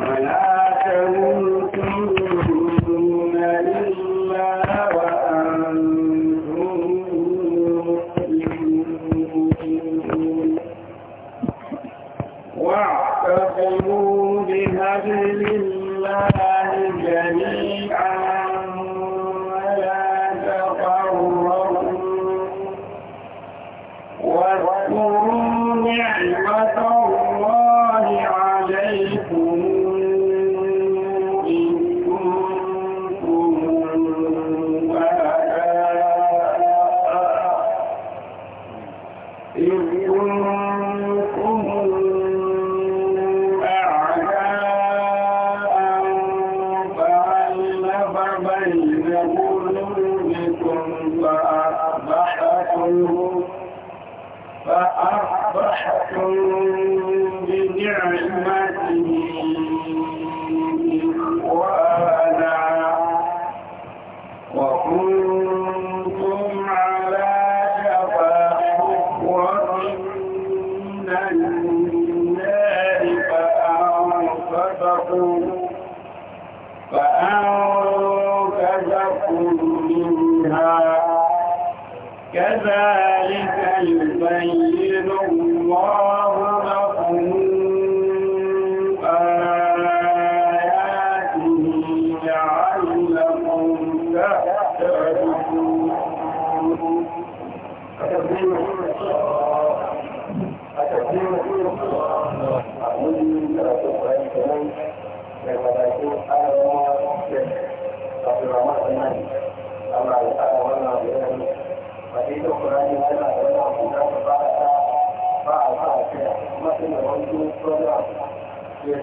ولا تموتن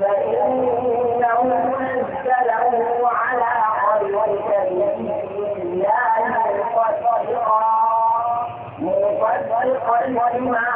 فإنه نزله على قلبك بإذن الله مصدقا مصدقا لما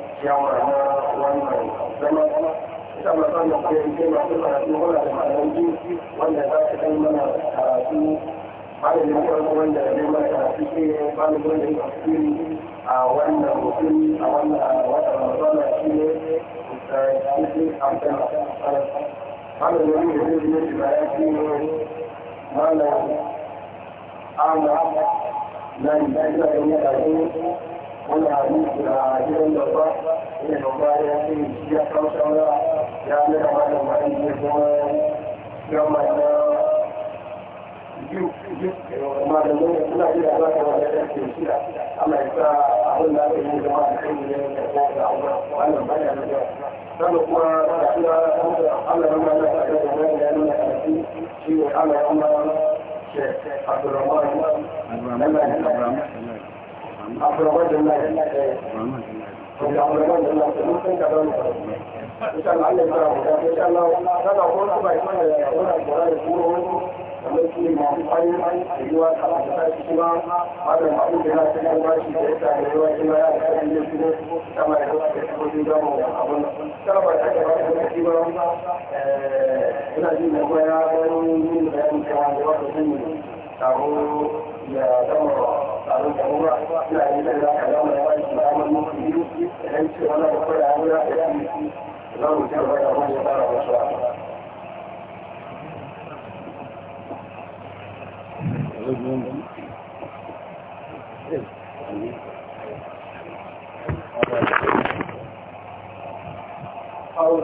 shawara na wannan zama ita ma samun koyon ce masu karatu muna da wanda kai mana karatu wanda ya tafsiri a a wannan wata ramadana shi ne musayi hamsin wani hadisi a gidan babba ne babba ya ce ya kawo shawara ya nuna wani wani ne kuma gama na biyu malamin da suna yi da zaka wani ya ce shi da ana yi sa abin da aka yi zama da kai ne da kuma da wannan bayan da sannan kuma da kuma Allah ya mana da kai da ya nuna karfi shi ne Allah ya mana Abdurrahman Allah ya mana أفرغت الله إن شاء الله عليك إن شاء الله هذا هو الأمر يقول القرآن يقول التي معطل أيها الحلقات الشمال هذا المعروف بها سنة الواشي بإسلام الواشي ما يعرف أن يسنه كما يقول في دمه أظن سبب الحاجة بعد الأكيد ورمضة إلى دين أخويا من بيان كمان لوقت سنة أو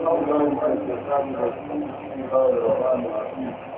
نظرا أن تسامح في هذا الرحمن الرحيم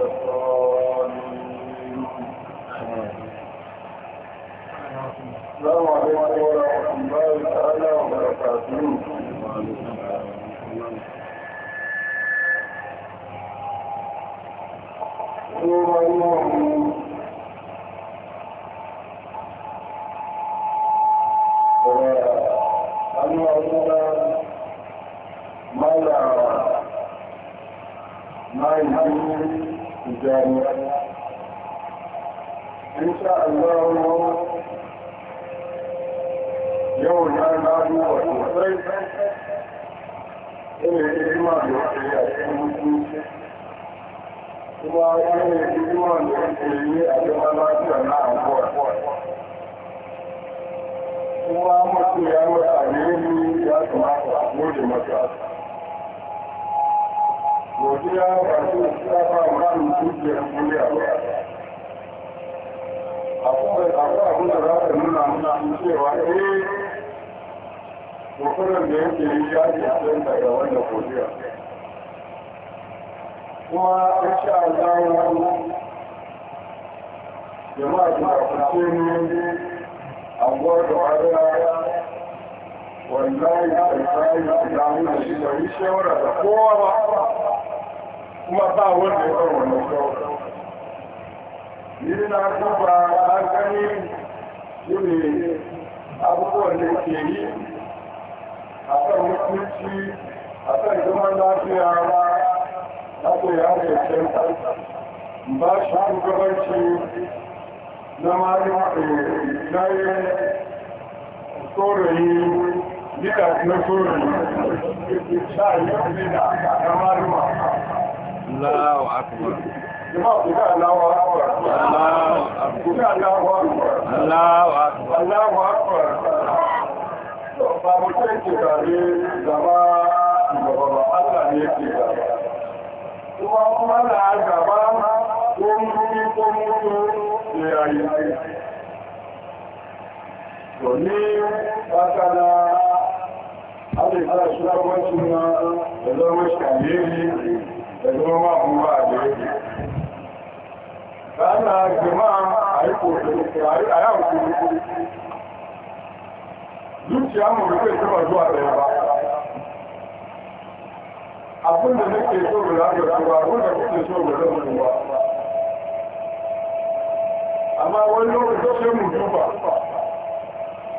الله Allahu akbar. Allahu akbar. Allahu akbar. Ba mutum ke gare gaba gaba ba Allah ne ke gaba. Kuma kuma na gaba ko mutu ko mutu ne a yi aiki. Domin bakana Allah ya shiga wasu na zama zama a yi kokari a yi mu ba zuwa ɗaya ba. nake so ga Amma wani lokacin mu duba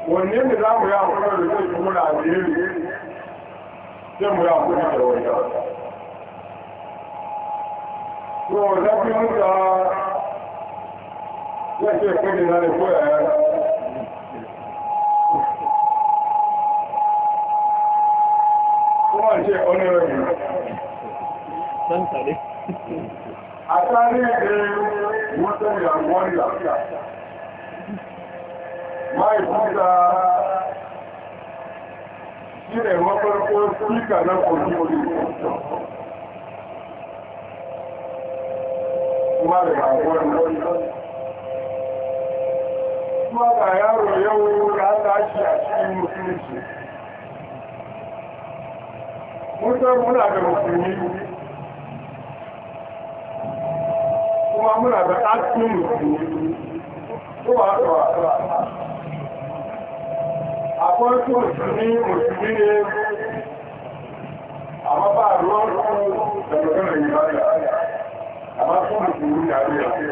wanne ne za mu yi haƙuri da zai fi muna alheri sai mu yi haƙuri da wata to zafi musa ya ce kudi na ne koya ya kuma ce honorable san tare a tare da mutum ya gwani lafiya mahaifinsa shi ne mafarko suka na kogin kuma da kuma ga yaro yau da tashi a cikin musulunci mutar muna da musulmi kuma muna da ƙasin musulmi kuma a àpọ́ńtò ní òṣìṣẹ́ ní àwọn bá rọ́ ẹ̀lọ́gbẹ̀rẹ̀ ìbáyà àwọn fún ìṣòro ní àrí àti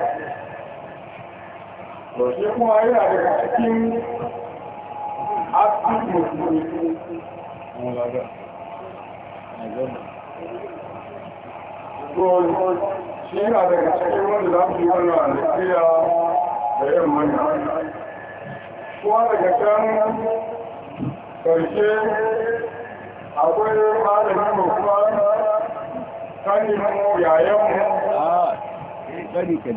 ọ̀ṣẹ́ fún ayé àrẹ̀ kí á tún òṣìṣẹ́ Ṣé àrẹ̀ kí wọ́n lè láti wọ́n lọ àrẹ̀ sí a ẹ̀yẹ̀ ƙarshe akwai malamin babba kaninmu yayanmu a ɗari kaji shi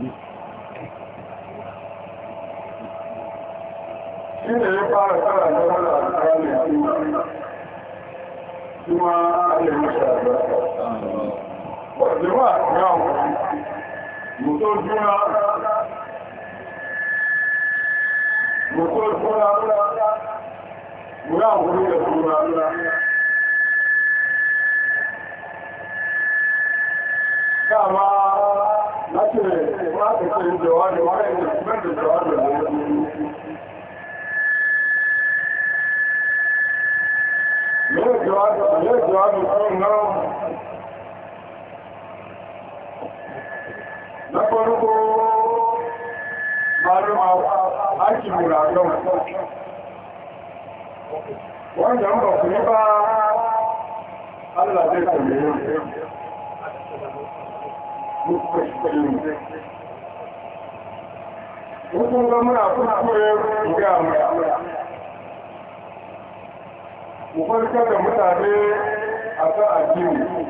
ne ya fara tsara da wani alƙalin kuma ya musa da ba jima ya mutum juna mutum juna múra àwọn onílẹ̀ fún múra lọ́la káàmà láti rẹ̀ láti pẹ̀lú ìjọwádẹ̀ wọ́n rẹ̀ ìjọwádẹ̀ ìjọwádẹ̀ lórí ìjọwádẹ̀ fún náà lọ́pọ̀lọpọ̀ Bàrún àwọn ákìmùrà lọ́wọ́. wanda ba ne ba Allah zai kalle mu hukun na muna kuna koyo mu ga mu mu farka da mutane a kan addini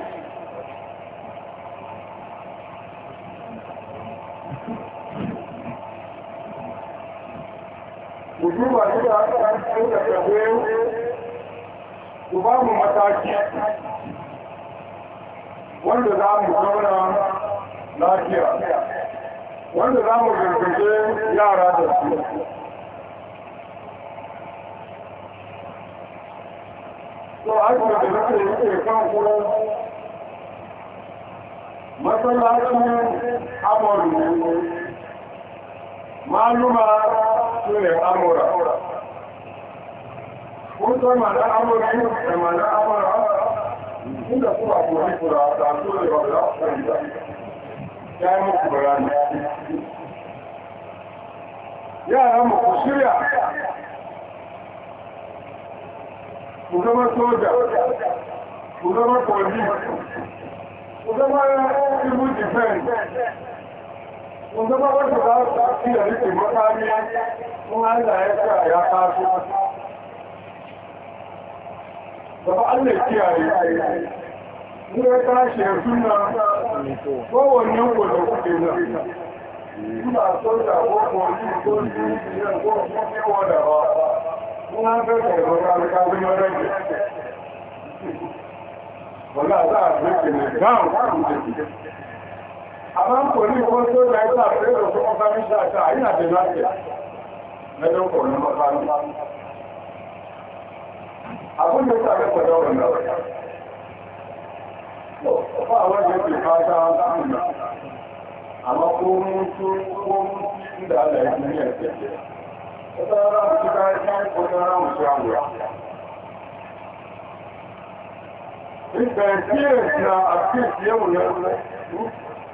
duba shi da haka an cikin da ƙarfe ku ba mu mataki wanda za mu zauna lafiya wanda za mu gargaje yara da su to aka da nake yake kan kuma masallacin amurka maluma su ne amura kun san mana amura yin da mana amura inda kuma kuri kura da su ne ba za su sani ba ya yi muku bayani yara mu ku shirya ku zama soja ku zama kwanji ku zama civil defense wanda ba wanda za a fi da nufin makariya kuma Allah ya sa ya faso gaba Allah kiyaye mu ya tashi ya suna kowanne wanda amma kori ko to da ya sa sai da kuma ba min da ta ina da lafiya na dan ko na mafani abun da ta ga ko da wannan ba wanda ke fata an da amma ko mun su ko mun da Allah ya yi ya ce ta ra tí èrè àti ìfìyẹ́wò lẹ́rú lẹ́rú.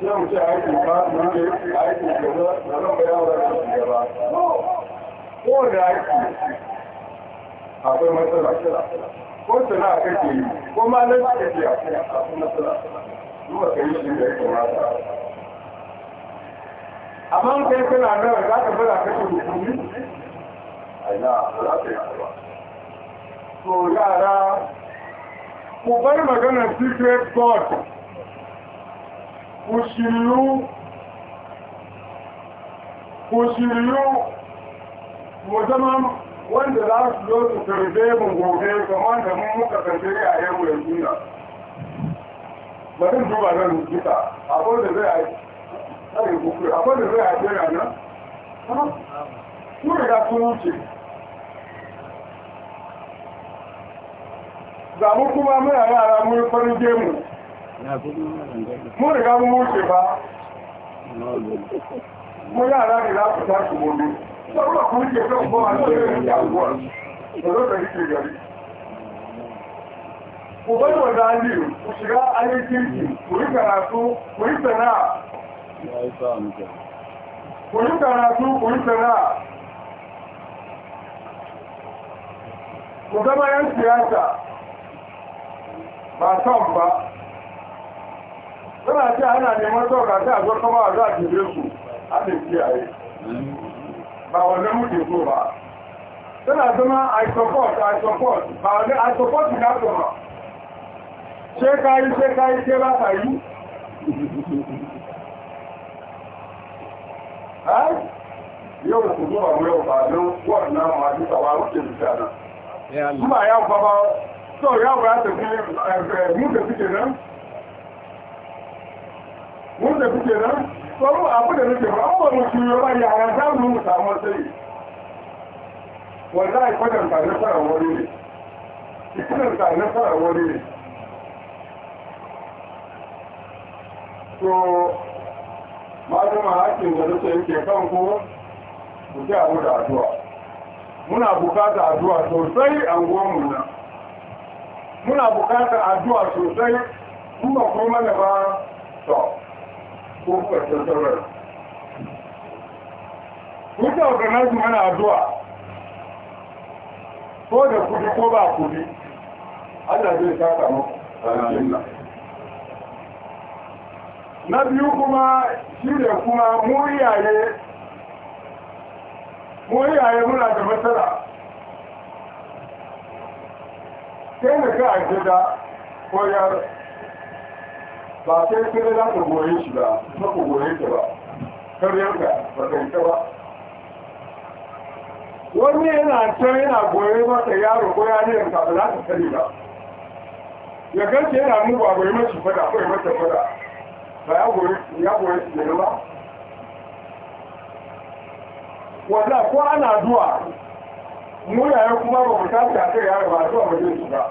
sai mu ce aikin ko ko yi yara ku bar maganar secret god kushiryu mu wanda za su zo su karbe mu gobe kamar da mun muka karbe a yau da duba na rubuta abin da zai da zai aiki na nan kuma da sun za mu kuma mun riga mun wuce ba mu yara ne za ku tashi gobe saboda ku wuce kan kowa ne da yin yaguwar da zo ka rike gari ku bai wa zaliyu ku shiga ayyukin ku yi karatu ku yi sana'a ku yi karatu ku yi sana'a ku zama yan siyasa ba son ba suna ce a neman sauka sai a zo kama a za a jere su ana kiyaye ba wannan muke so ba suna zama i support i support ba wani i support na so ba shekayi shekayi ke ba ta yi yau ku zuwa yau ba don wannan masu tsawa wuce mutane. Kuma ya fa ba, so ya fi mutu mun da kuke nan tsoron abu da nake ba ba mu ya ba yara za mu mu samu wasai wallahi kwanan ta nasara wani ne ikinan na fara wani ne to malama hakin da nake yake kan ko mu ci abu da addu'a muna bukata addu'a sosai a gwamnati na. muna bukata addu'a sosai kuma kuma na ba to ko kwacin sauran kuka organizing mana zuwa. ko da kudi ko ba kudi allah zai saka muku na biyu kuma shi ne kuma mu iyaye mu muna da matsala sai da ka a gida koyar ba sai kira za ka goye shi ba ba ka goye ta ba ka, ba ka ta ba wani yana can yana goye mata yaro ko ne ka ba za ka sani ba ya ganci yana mu ba goye mashi fada ko ya mata fada ba ya goye ya goye shi ne ba wanda ko ana zuwa mu yayin kuma ba mu tafi a kai yaro ba zuwa mu je shi ba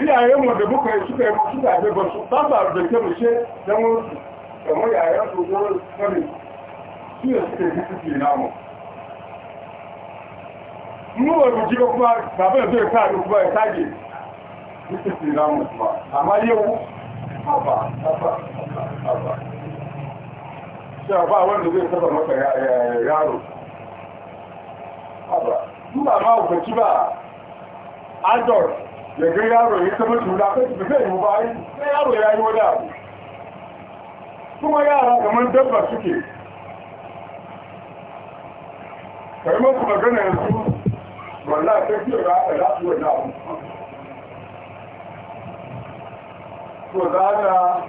iyayenmu da muka yi suka yi suka yi ba su ba ba da ke rushe don wasu kamar su zuwa su suka yi suke namu mu ba ji ba kuma baba da zai kare kuma ya kage suke namu kuma amma yau haba haba haba ba wanda zai saba maka yaro haba duba ma hukaci ba ya ga yaro ya taɓa tula kai su zai mu bayan sai yaro ya yi wani abu kuma yara kamar dabba suke kai masu magana yanzu wallahi ta fiye da aka za wani abu to za ta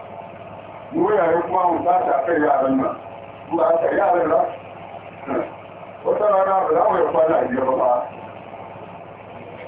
wurare kuma mu za ta kai yaran nan kuma aka yaran ra wata rana ba za mu yi kwana biyar ba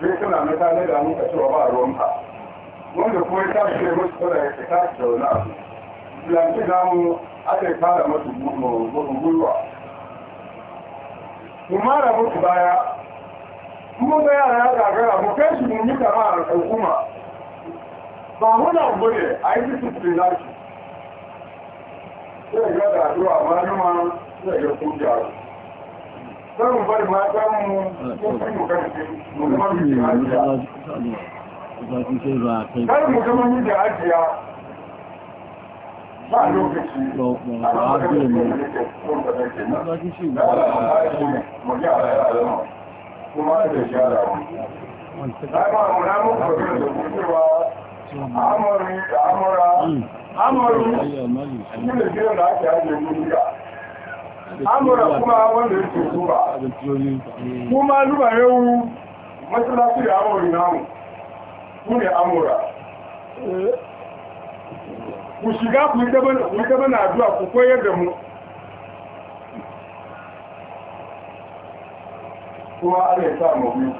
sai suna na ta da muka cewa ba ruwanka wanda kuma ya tashi ne musu tsara ya tashi da wani abu lantarki namu aka yi fara masu gurgurwa mu mara musu baya kuma da yara ya gagara mu kai shi mun yi kama a al'umma ba muna gode a yi disiplin nashi sai ga da zuwa ma sai ga kun Samun bari ba ta mu kuma kan mu kuma mu da ajiya. Kar mu kuma mu da ajiya. Ba lokaci. Ba ba ba ne. Ba ki shi ba. Mu ya ala Kuma da shara. Ba ma mu na mu ko da cewa amari da amara. Amari. Mun da jiran da ake ajiye mu duka. amura kuma wanda ya ce tura kuma zuba yau matsalasu da amuri namu ku ne amura ku shiga ku yi gaba na addu'a ku koyar da mu kuma ala ya sa mabu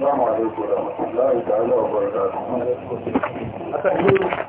السلام عليكم ورحمة الله تعالى وبركاته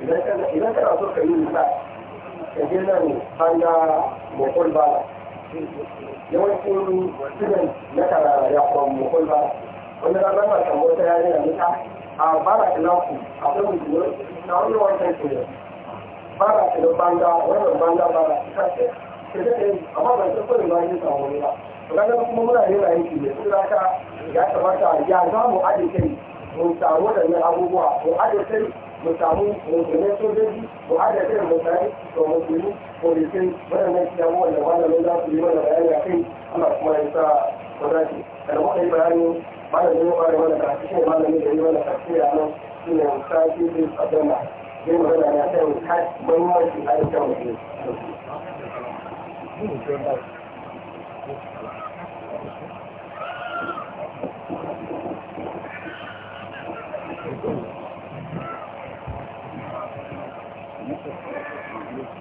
你那现在，你那现在做很明白，现在参加摩拳吧，因为新这边现在要搞摩拳吧，我那个朋友全部参加的，你看，啊，爸爸去弄，啊，中午弄，弄一碗菜出来，爸爸去弄板鸭，我弄板鸭板鸭，你看，现在人，爸爸都不用买点菜回来了，我刚刚从湖南回来一点，你来看，人家什么菜，盐酸我爱就吃，红烧我这个爱火锅，我爱就吃。mu samu sojoji mu haɗa kan mutane da musulmi waɗannan kiyamu wanda za su yi mana bayani a kai kuma ya sa ba za da yi bayani malamin ya fara mana kasu shi yi nan shi ne zai magana na kan kashi mahimmanci a cikin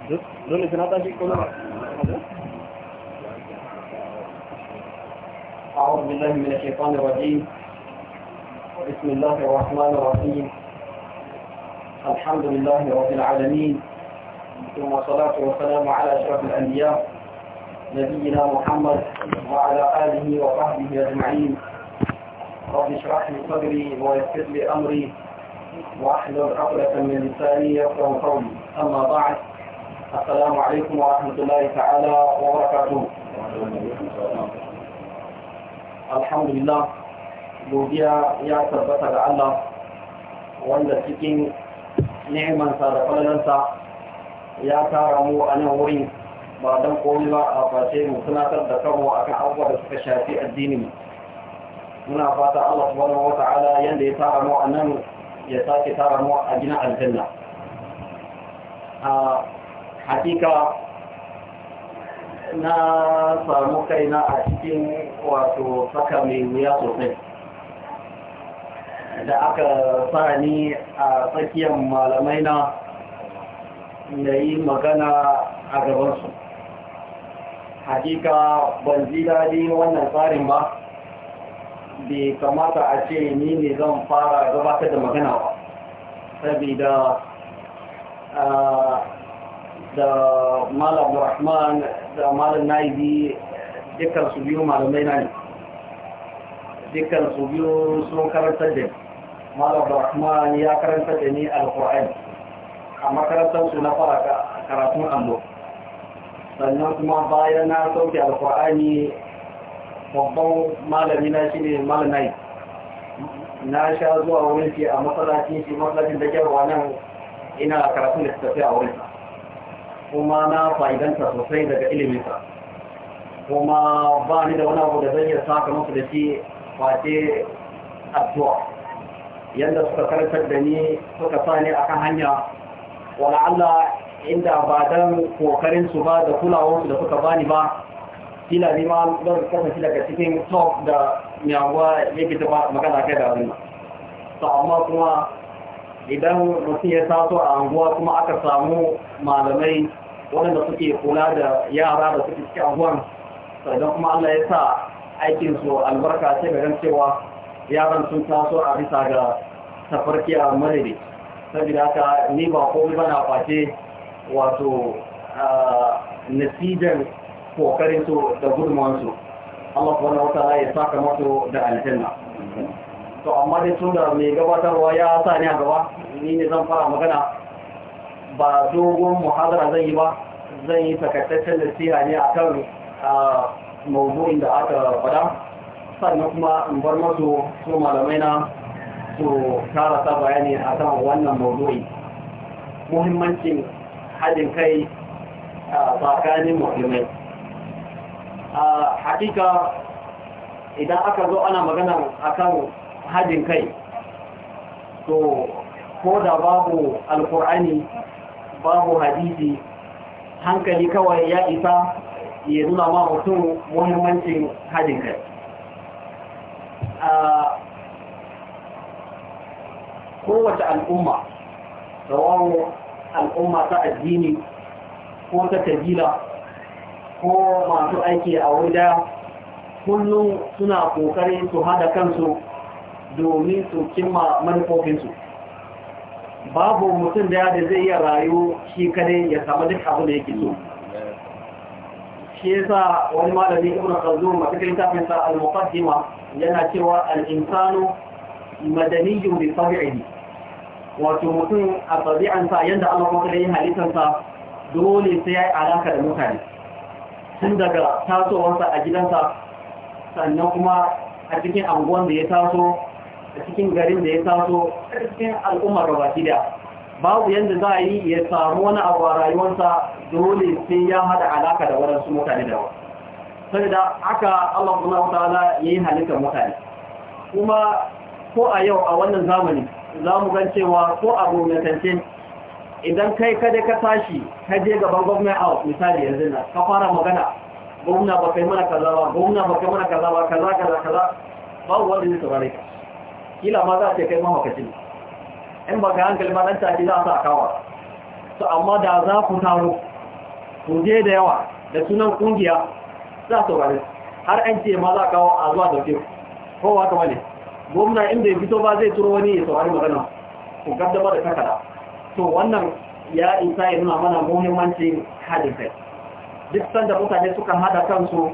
أعوذ بالله من الشيطان الرجيم بسم الله الرحمن الرحيم الحمد لله رب العالمين ثم الصلاة والسلام على أشرف الأنبياء نبينا محمد وعلى آله وصحبه أجمعين رب اشرح لي صدري ويسر لي أمري واحلل عقلة من لساني يفقه قولي أما بعد السلام عليكم ورحمة الله تعالى وبركاته الحمد لله godiya ya tabbata ga Allah wanda cikin ni'imansa da falalansa ya tara mu anan wurin ba don komi ba a face mu tunatar da kanmu akan abubuwa da suka shafi addinin muna fata Allah subhanahu wata'ala yanda ya tara mu a nan ya sake tara mu a gina aljanna a hakika na samu kaina a cikin wato saka mai wuya sosai da aka sa ni a tsakiyar malamai na na yi magana a gabansu hakika ban ji daɗi wannan tsarin ba bai kamata a ce ni ne zan fara gabatar da magana ba saboda ah, da mal abdurrahman da mala naibi dukkan su biyu malamai na ne dukkan su biyu sun karanta da mal abdurrahman ya karanta da ni alkur'ani a makarantar su na fara karatun allo sannan kuma bayan na sauke alkur'ani babban malami na shi ne mala naibi na sha zuwa wurin ke a matsalacin shi matsalacin da kyarwa nan ina karatun da tafiya a wurin kuma na fa'idanta sosai daga iliminsa kuma ba ni da wani abu da zai saka musu da shi face addu'a yadda suka karantar da ni suka sa ni akan hanya wala Allah inda ba dan kokarin su ba da kulawar da suka bani ba kila ni ma zan kasance daga cikin top da miyawa yake ta magana kai da abin to amma kuma idan mutum ya taso a anguwa kuma aka samu malamai waɗanda suke kula da yara da suke cikin anguwan sannan kuma Allah ya sa aikin su albarka sai ga cewa yaran sun taso a bisa ga tafarki a madadi saboda haka ni ba komai ba na face wato nasijan kokarin su da gudunmawansu Allah subhanahu wata ya saka masu da aljanna to amma dai tun da mai gabatarwa ya sa ni a gaba ni ne zan fara magana ba dogon muhazara zan yi ba zan yi takaitaccen nasiha ne akan mawdu'in da aka fada sannan kuma in bar masu su malamai na su karasa bayani akan wannan mawdu'i muhimmancin haɗin kai tsakanin musulmai a hakika idan aka zo ana magana akan haɗin kai to ko da babu alkur'ani babu hadisi hankali kawai ya isa ya nuna ma mutum muhimmancin haɗin kai a kowace al'umma rawar al'umma ta addini ko ta kabila ko masu aiki a wuda kullum suna kokarin su hada kansu domin su cimma manufofinsu babu mutum da da zai iya rayu shi kadai ya samu duk abu da yake so shi yasa wani malami ibn khaldun masu cikin littafin sa al-muqaddima yana cewa al-insanu madaniyyun bi tabi'ihi wato mutum a tabi'ansa yanda Allah kuma yi halittarsa dole sai ya yi alaka da mutane tun daga tasowarsa a gidansa sannan kuma a cikin anguwan da ya taso a cikin garin da ya taso cikin al'ummar da, babu yadda za a yi ya samu wani abu a rayuwarsa dole sai ya hada alaka da waɗansu mutane da wa saboda haka Allah wuta za ya yi halittar mutane kuma ko a yau a wannan zamani za mu gan cewa ko a gomitance idan kai kada ka tashi ka je gaban gwamnati a misali yanzu na ka fara magana gwamna ba kai mana kaza ba gwamna ba kai mana kaza ba kaza kaza kaza babu wanda zai saurare kila ma za a ce kai mahaukaci in ba ga hankali ba ɗan tafi za a sa su amma da za ku taro ku je da yawa da sunan ƙungiya za su wani har an ce ma za a kawo a zuwa dauke kowa kama ne gwamna inda ya fito ba zai turo wani ya saurari magana ku gaddama da takara to wannan ya isa ya nuna mana muhimmancin haɗin kai duk sanda mutane suka hada kansu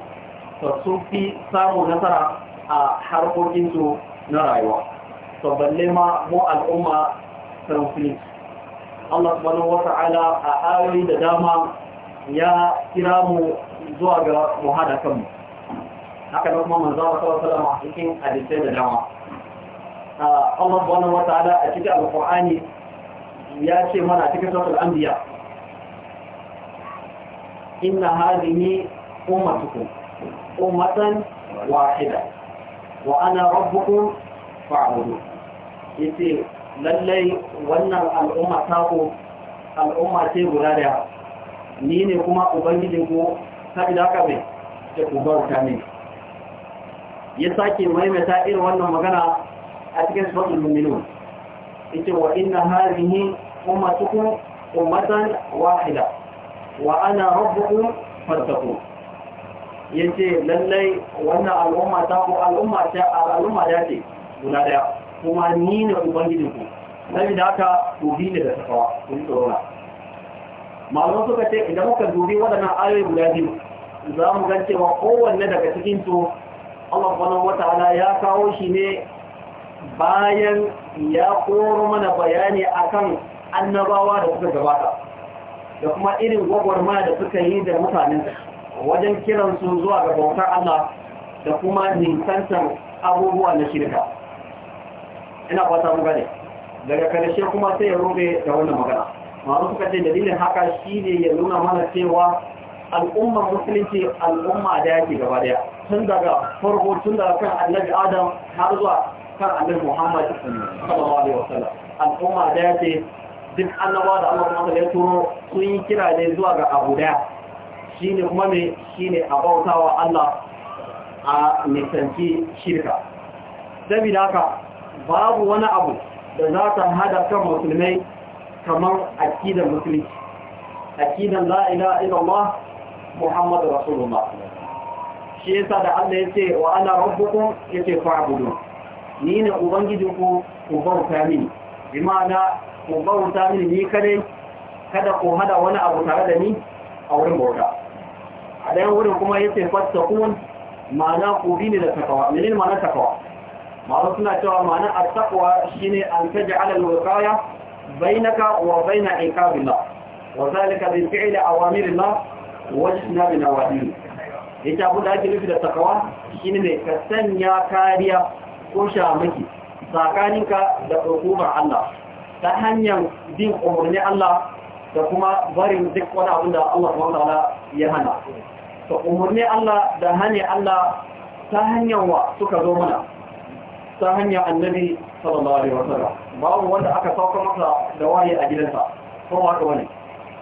to sun fi samun nasara a harkokinsu na rayuwa to balle ma mu al'umma conflict Allah subhanahu wa ta'ala a ayoyi da dama ya kira mu zuwa ga mu hada kanmu haka da kuma manzo sallallahu alaihi a cikin hadisi da dama Allah subhanahu wa ta'ala a cikin alqur'ani ya ce mana cikin suratul anbiya inna hadhihi ummatukum ummatan wahida wa ana rabbukum fa'budun ce lallai wannan al'umma ta ko al'umma ce guda da ni ne kuma ubangijin ko sabi da aka mai da ubarta ne ya sake maimaita irin wannan magana a cikin suratul Ya yace wa inna hadhihi ummatukum ummatan wahida wa ana rabbukum Ya yace lallai wannan al'umma ta ko al'umma ta al'umma da ce guda da kuma ni ne ubangijin ku sai da haka ku da tafawa ku ji malamu suka ce idan muka dubi waɗannan ayoyi guda biyu za mu gan cewa kowanne daga cikin su Allah subhanahu wataala ya kawo shi ne bayan ya koro mana bayani akan annabawa da suka gabata da kuma irin gwagwarmaya da suka yi da mutanen wajen kiransu zuwa ga bautar Allah da kuma nisantar abubuwa na shirka ina fata mu gane daga karshe kuma sai ya rube da wannan magana masu suka ce dalilin haka shi ne ya nuna mana cewa al'ummar musulunci al'umma da yake gaba daya tun daga farko tun daga kan annabi adam har zuwa kan annabi muhammad sallallahu alaihi wasallam al'umma da yake duk annabawa da Allah kuma ya turo sun yi kira ne zuwa ga abu daya shine kuma me shine bautawa Allah a nisanci shirka saboda haka babu wani abu da za ta hada kan musulmai kamar akidan musulunci akidan la ilaha illallah muhammadu rasulullah shi yasa da Allah ya ce wa ana ce yace fa'budu ni ne ubangiji ku bauta mini bi ma'ana ku bauta mini ni kare kada ku hada wani abu tare da ni a wurin bauta a dayan wurin kuma yace kuma ma'ana ku bi ne da takawa menene ma'anar takawa maa suna cewa ma'ana a takwa shi ne an taji alal wakaya bainaka wa baina ikabila wa zalika bi fi'li awamirillah wa jinabi nawadi yace abu da ake nufi da takawa shine ne ka sanya kariya ko shamaki tsakaninka da hukumar Allah ta hanyar bin umarni Allah da kuma barin duk wani abin da Allah subhanahu wataala ya hana Ka umarni Allah da hanyar Allah ta hanyar wa suka zo mana ta hanyar annabi sallallahu alaihi wasallam babu wanda aka sauka masa da waye a gidansa ko haka wani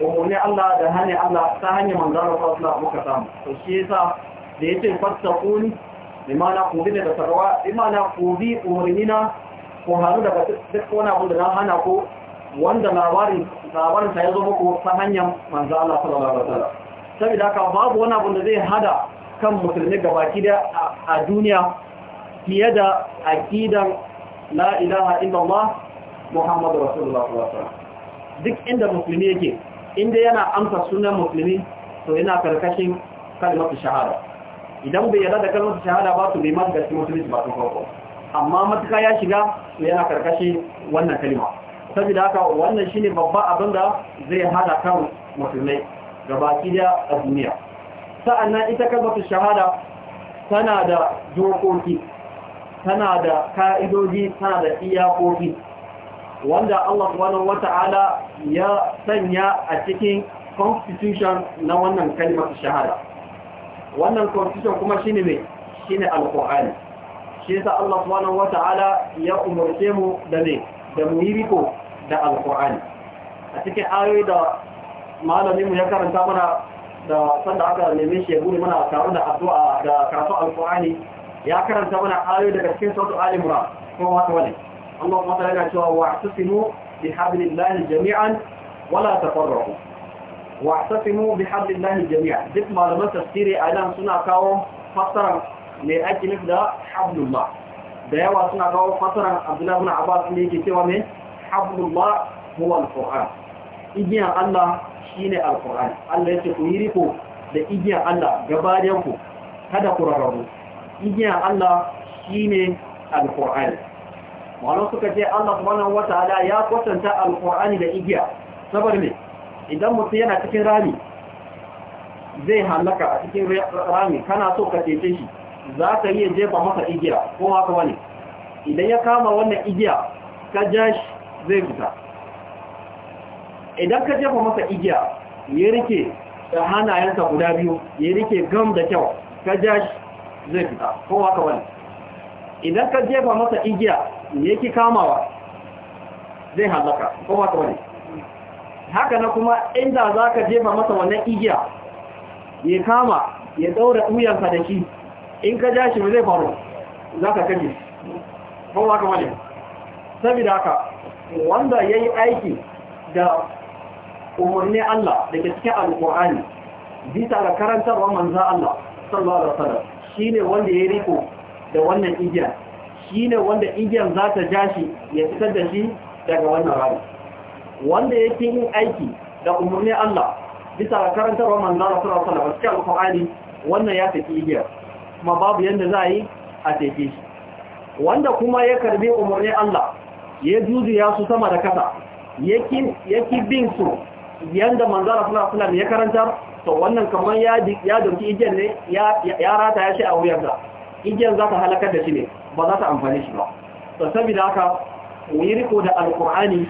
umurni Allah da hanyar Allah ta hanyar manzon Allah sallallahu muka samu to shi yasa da yace fattaqun bimana kubi da sarwa bimana kubi umurnina ko haru da duk wani abu da na hana ko wanda labarin labarin sa ya zo muku ta hanyar manzon Allah sallallahu alaihi wasallam saboda haka babu wani abu da zai hada kan musulmi gabaki da a duniya fiye da aqidan la ilaha muhammadu rasulullah sallallahu duk inda musulmi yake inda yana amsa sunan musulmi to yana karkashin kalmar shahada idan bai yarda da kalmar shahada ba to bai ma gaskiya musulmi ba tun farko amma matuka ya shiga to yana karkashin wannan kalima. saboda haka wannan shine babba abin da zai hada kan musulmai gabaki da a duniya sa'annan ita kalmar shahada tana da dokoki tana da ka'idoji tana da iyakoki wanda Allah subhanahu wata'ala ya sanya a cikin constitution na wannan kalmar shahada wannan constitution kuma shine ne shine alqur'ani shi yasa Allah subhanahu wata'ala ya umarce mu da ne da mu yi riko da alqur'ani a cikin ayoyi da malamin mu ya karanta mana da sanda aka neme shi ya gudu mana tare da addu'a da karatu alqur'ani ya karanta mana ayo daga cikin sautu al-imran ko wata wani Allah ta yana cewa bi hablillah jami'an wala tafarraqu bi hablillah jami'an duk malaman tafsiri a suna kawo fassara mai ake nufi da hablullah da yawa suna kawo fassara Abdullah ibn Abbas ne yake cewa me hablullah huwa al-Qur'an igiyan Allah shine al-Qur'an Allah yake ku yi riko da igiyan Allah gabaɗayan ku kada ku rarrabu a Allah shine alqur'ani wannan suka ce Allah wata wataala ya kwatanta Al-Qur'ani da igiya Sabar me idan mutum yana cikin rami zai halaka a cikin rami kana so ka cece shi za ka iya jefa masa igiya ko haka wani idan ya kama wannan igiya ka ja shi zai fita idan ka jefa masa igiya ya rike da hannayensa guda biyu ya rike gam da kyau ka ja shi zai fita ko haka wani idan ka jefa masa igiya me yake kamawa zai halaka ko haka wani haka na kuma inda za ka jefa masa wannan igiya ya kama ya daura wuyansa da shi in ka ja shi ba zai faru za ka kaji, ko haka wani saboda haka wanda ya yi aiki da umarni Allah da ke cikin alƙur'ani bisa ga karantarwa manzan Allah sallallahu alaihi wasallam shi ne wanda ya riko da wannan igiyar shi ne wanda igiyar za ta ja shi ya fitar da shi daga wannan rami wanda ya fi yin aiki da umarni Allah bisa ga karantarwa manzara sura sallama cikin alkur'ani wannan ya tafi igiyar kuma babu yadda za a yi a teke shi wanda kuma ya karbi umarnin Allah ya jujuya su sama da kasa ya ki bin su yadda manzara sura sallama ya karantar to wannan kamar ya dauki igiyar ne ya rata ya ce a wuyar da za ta halakar da shi ne ba za ta amfani shi ba to saboda haka mu yi riko da alqur'ani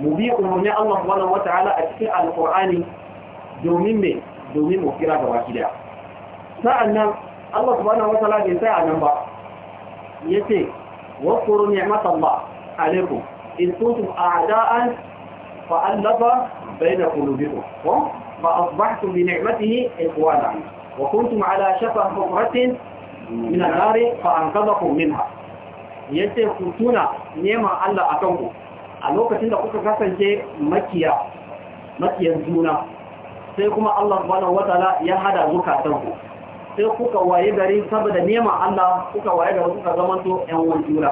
mu bi umarni Allah subhanahu wataala a cikin alqur'ani domin me domin mu kira ga baki daya sa'annan Allah subhanahu wataala bai sai nan ba yace wa quru ni'mat Allah alaikum in kuntum a'da'an fa allafa baina qulubikum فأصبحتم بنعمته إخوانا وكنتم على شفا حفرة من النار فأنقذكم منها yace ku tuna neman Allah a kanku a lokacin da kuka kasance makiya makiyan juna sai kuma Allah subhanahu wataala ya hada zukatanku sai kuka waye gari saboda neman Allah kuka waye gari kuka zamanto ƴan uwan juna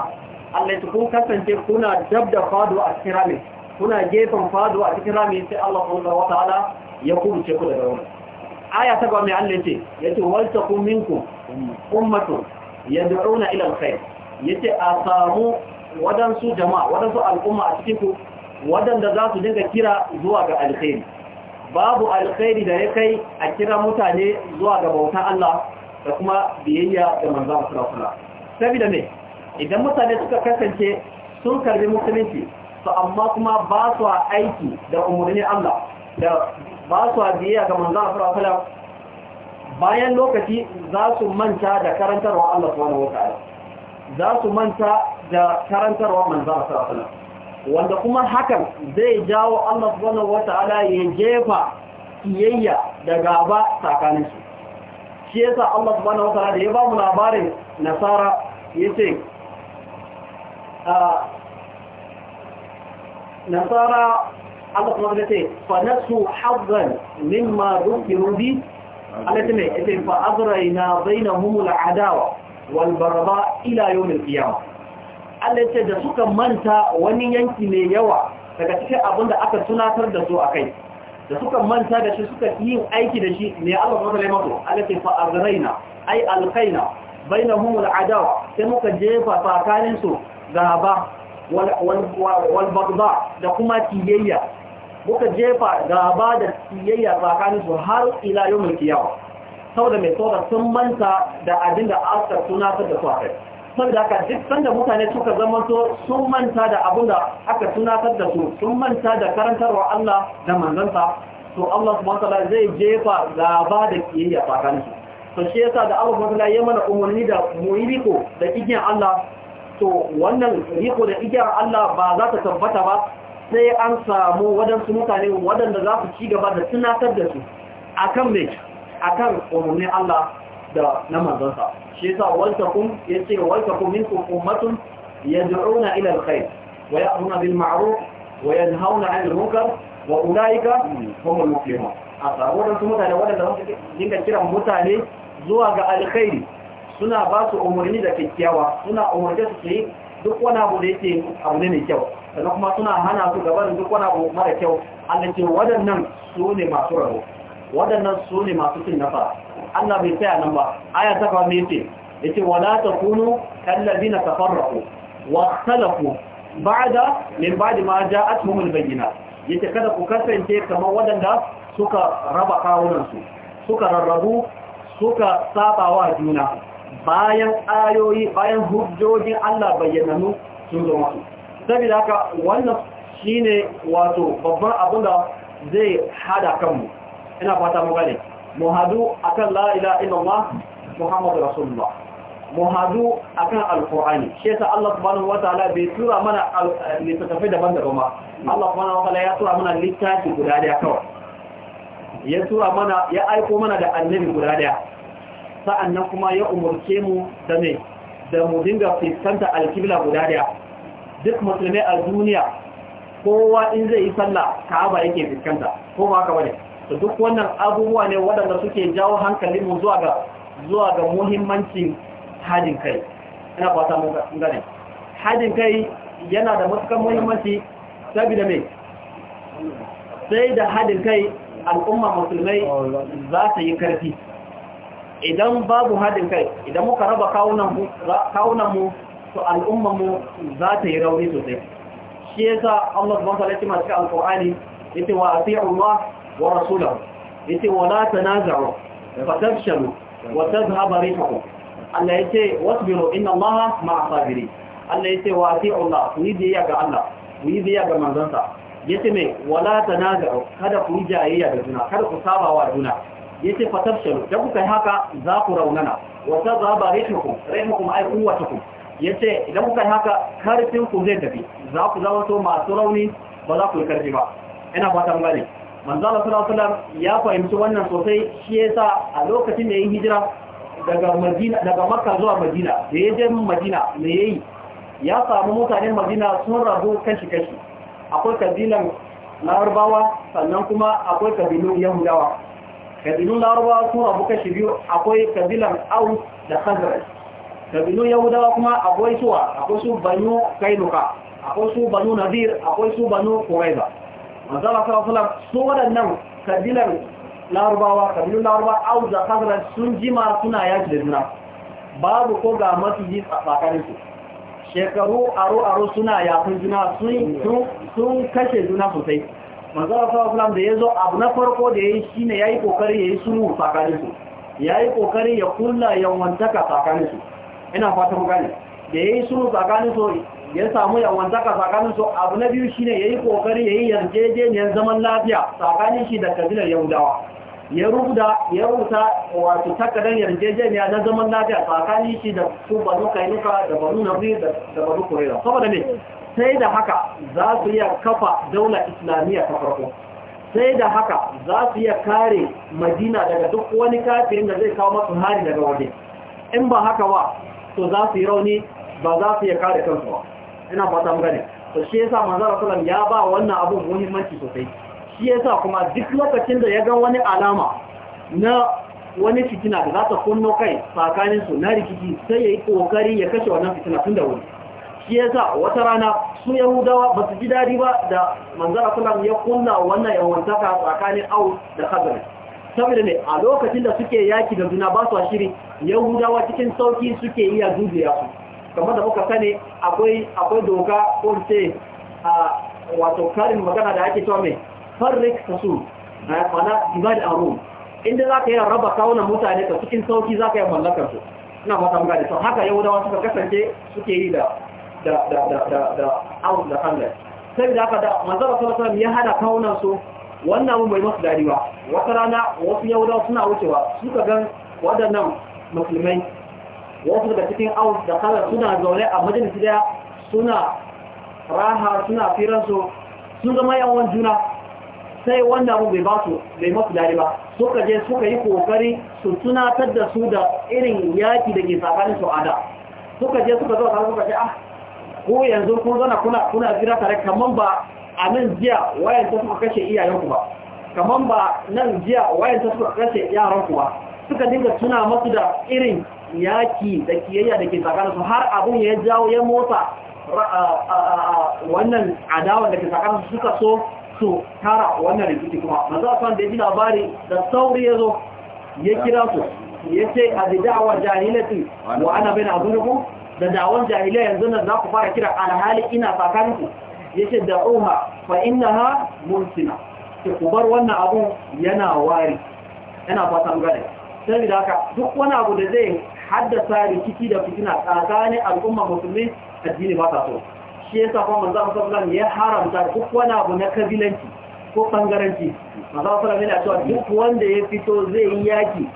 Allah ya kun kasance kuna dabda fado a cikin rami kuna gefen fado a cikin rami sai Allah subhanahu wataala ya kubuce ku daga wannan aya ta gaba mai Allah yace yace wal takum minkum ummatun yad'una ila alkhair ce, a samu wadansu jama'a waɗansu al'umma a cikinku waɗanda za su dinga kira zuwa ga alkhairi babu alkhairi da ya kai a kira mutane zuwa ga bautan Allah da kuma biyayya da manzon Allah saboda me idan mutane suka kasance sun karbi musulunci to amma kuma ba su aiki da umarnin Allah da ba su biyayya ga manzon Allah sallallahu bayan lokaci za su manta da karantarwa Allah subhanahu wataala za su manta da karantarwa manzon Allah sallallahu wanda kuma hakan zai jawo Allah subhanahu wataala ya jefa kiyayya da gaba tsakaninsu? Shi ya sa Allah subhanahu wataala da ya ba mu labarin nasara yace a ah, nasara Allah kuma zai ce fa nasu hazzan mimma dhukiru bi Allah ta ne ita fa azraina bainahum al'adawa wal barba ila yawm al-qiyamah Allah ce da suka manta wani yanki mai yawa daga cikin abin da aka tunatar da su kai. da suka manta da shi suka yi aiki da shi ne Allah kuma zai mato Allah ce fa azraina ai alqaina bainahum adawa. sai muka jefa tsakaninsu gaba walbagba da kuma tiyayya muka jefa gaba da tiyayya tsakanin su har ila yau mai kiyawa saboda mai tsoka sun manta da abin da aka ta da su a kai saboda duk sanda mutane suka zama so sun manta da abin da aka ta da su sun manta da karantarwa Allah da manzanta to Allah su manta zai jefa gaba da kiyayya tsakanin su to shi yasa da Allah su wataala ya mana umarni da mu riko da kiyayen Allah to wannan riko da igiyar Allah ba za ta tabbata ba sai an samu waɗansu mutane waɗanda za su ci gaba da tunatar da su akan mai a kan umarnin Allah da na manzansa shi yasa waltakum yace waltakum minkum ummatun yad'una ila alkhair wa ya'muruna bil ma'ruf wa yanhauna 'anil munkar wa ulaika humul muflihun a samu waɗansu mutane waɗanda za su dinga kiran mutane zuwa ga alkhairi suna ba su umarni da kyakkyawa suna umarni su yi duk wani abu da yake abu ne mai kyau sannan kuma suna hana su gaban duk wani abu mara kyau Allah ce waɗannan su ne masu rabo waɗannan su ne masu cin nafa. Allah bai tsaya nan ba aya ta fa mai ce yace wala takunu kallazina tafarraqu wa khalaqu ba'da min ba'di ma ja'atuhum al bayyina yace kada ku kasance kamar waɗanda suka raba kawunan su suka rarrabu suka saba wa juna bayan ayoyi bayan hujjojin Allah bayyana mu sun zama su saboda haka wannan shine wato babban abin da zai hada kanmu ina fata mu gane mu hadu akan la ilaha illallah muhammadu rasulullah mu hadu akan alqur'ani shi yasa Allah subhanahu wataala bai tura mana eh, littafi daban da ba Allah subhanahu wataala ya tura mana littafi guda daya kawai ya tura mana ya aiko mana da annabi guda daya sa'annan kuma ya umurce mu da ne da mu dinga fiskanta alkibla guda daya duk musulmai a duniya kowa in zai yi sallah ka'aba yake fiskanta ko ba haka wani to duk wannan abubuwa ne waɗanda suke jawo hankali mu zuwa ga zuwa ga muhimmancin hajin kai Yana fata mun gane hajin kai yana da matukar muhimmanci saboda me sai da hajin kai al'umma musulmai za ta yi karfi idan babu haɗin kai idan muka raba kawunanmu to al'ummanmu za ta yi rauni sosai shi ya sa Allah subhanahu wa ta'ala cikin alƙur'ani yace wa ati'u Allah wa rasulahu yace wa la tanaza'u fa tafshalu wa tadhhabu rihukum Allah yace wasbiru inna Allah ma'a sabirin Allah ya ce wa ati'u Allah ku yi biyayya ga Allah ku yi biyayya ga manzansa yace me wala tanaza'u kada ku yi jayayya da juna kada ku saba wa juna yace fatabshalu da kuka haka za ku raunana wa tazaba rihukum rihukum ay quwwatukum yace idan kuka haka karfin ku zai tafi za ku zama to masu rauni ba za ku yi karfi ba ina fatan gane manzo Allah sallallahu alaihi wasallam ya fahimci wannan sosai shi yasa a lokacin da yayin hijira daga Madina daga Makka zuwa Madina da ya je Madina me yayi ya samu mutanen Madina sun rabu kashi kashi akwai kabilan Larabawa sannan kuma akwai kabilun Yahudawa kabilun larabawa sun rabu kashi biyu akwai kabilan aus da khazraj kabilun yahudawa kuma akwai suwa akwai su banu kainuka akwai su banu nadir akwai su banu kuraiba manzala sallallahu su waɗannan kabilan larabawa kabilun larabawa aus da khazraj sun jima suna yaki da juna babu ko ga maciji a tsakaninsu shekaru aro-aro suna yafin juna sun kashe juna sosai manzara sa'aflam da ya zo abu na farko da ya yi shi ne ya yi kokari ya yi sunu tsakaninsu ya yi kokari ya kula yawantaka tsakaninsu ina fata gane da ya yi sunu tsakaninsu ya samu yawantaka tsakaninsu abu na biyu shi ne ya yi kokari ya yi yarjejeniyar zaman lafiya tsakanin shi da kabilar yahudawa ya rubuta ya rubuta wato takardar yarjejeniya na zaman lafiya tsakanin shi da su banu kainuka da banu biyu da banu kurera saboda ne sai da haka za su iya kafa daula islamiyya ta farko sai da haka za su iya kare madina daga duk wani kafirin da zai kawo masu hari daga waje in ba haka ba to za su yi rauni ba za su iya kare kansu ba ina fata mu gane to shi yasa manzo sallallahu ya ba wannan abu muhimmanci sosai shi yasa kuma duk lokacin da ya ga wani alama na wani fitina da za ta kunno kai tsakaninsu na rikici sai ya yi kokari ya kashe wannan fitina tun da wuri shi yasa wata rana su yahudawa ba su ji dadi ba da manzara sallam ya kunna wannan yawantaka tsakanin au da khazraj saboda ne a lokacin da suke yaki da juna ba su shiri yahudawa cikin sauki suke iya dubiya su kamar da muka sani akwai akwai doka ko ce a wato karin magana da ake cewa mai farrik kasu eh, na divide and rule inda za ka yi raba kawunan mutane ka cikin sauki za ka yi mallakar su ina fata magana da haka yahudawa suka kasance suke yi da da da da da da awon da hamlet sai da aka da manzara sarasar ya hada kawunan su wannan abu bai masu dadi ba wata rana wasu yahudawa suna wucewa suka gan waɗannan musulmai wasu daga cikin awon da hamlet suna zaune a majalisi daya suna raha suna firansu sun zama yawon juna sai wannan abu bai basu bai masu dare ba suka je suka yi kokari su tunatar da su da irin yaki da ke tsakanin su a ada suka je suka zo kan suka ce ah ko yanzu kun zana kuna kuna jira tare kaman ba a nan jiya wayan ta suka kashe iyayenku ba kaman ba nan jiya wayan ta suka kashe yaranku ba suka dinga tuna masu da irin yaki da kiyayya da ke tsakanin su har abun ya jawo ya motsa wannan adawa da ke tsakanin su suka so su tara wannan rikici kuma manzo san da ji labari da sauri yazo ya kira su yace a da'awar jahilati wa ana bain adunukum da dawon jahiliya yanzu nan za ku fara kira alhali ina tsakaninku ya ce da'uha fa inna ha mursina ta ku bar wannan abun yana wari yana fatan gane sai da haka duk wani abu da zai haddasa rikici da fitina tsakanin al'umma musulmi addini ba ta so shi ya sa kuma manzo sallallahu ya haramta duk wani abu na kabilanci ko bangaranci manzo sallallahu alaihi wasallam ya ce duk wanda ya fito zai yi yaki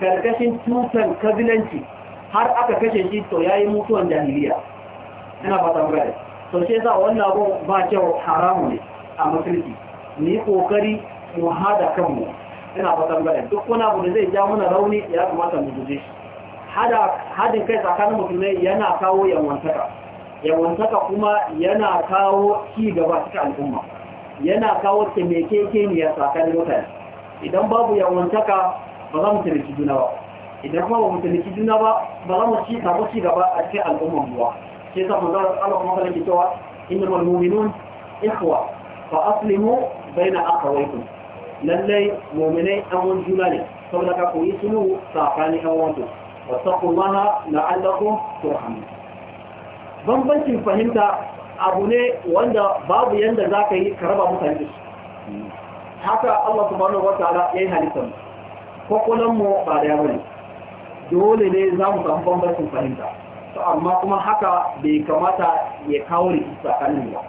karkashin tutan kabilanci har aka kashe shi to yayi mutuwan jahiliya ina fata gare to sai sa wannan abu ba kyau haramu ne a musulunci ni kokari mu hada kanmu ina fata gare duk wani abu da zai ja mana rauni ya kamata mu guje shi hada hadin kai tsakanin musulmai yana kawo yawantaka yawantaka kuma yana kawo ci gaba cikin al'umma yana kawo taimakekeniya tsakanin mutane idan babu yawantaka ba za mu taimaki juna ba idan kuma ba mu taimaki juna ba ba za mu ci samu ci gaba a cikin al'ummar ruwa sai sa mu zara Allah kuma kana cewa Ba mu'minun ikhwa fa aslimu baina akhawaykum lallai mu'minai an wani juna ne saboda ka koyi sulhu tsakanin ɗan wato wattaqu Allah to turhamun bambancin fahimta abu ne wanda babu yanda za ka yi ka raba mutane da haka Allah subhanahu wa ta'ala ya yi halittar mu kwakwalan mu ba da ya dole ne za mu samu bambancin fahimta to amma kuma haka bai kamata ya kawo rikici tsakanin ba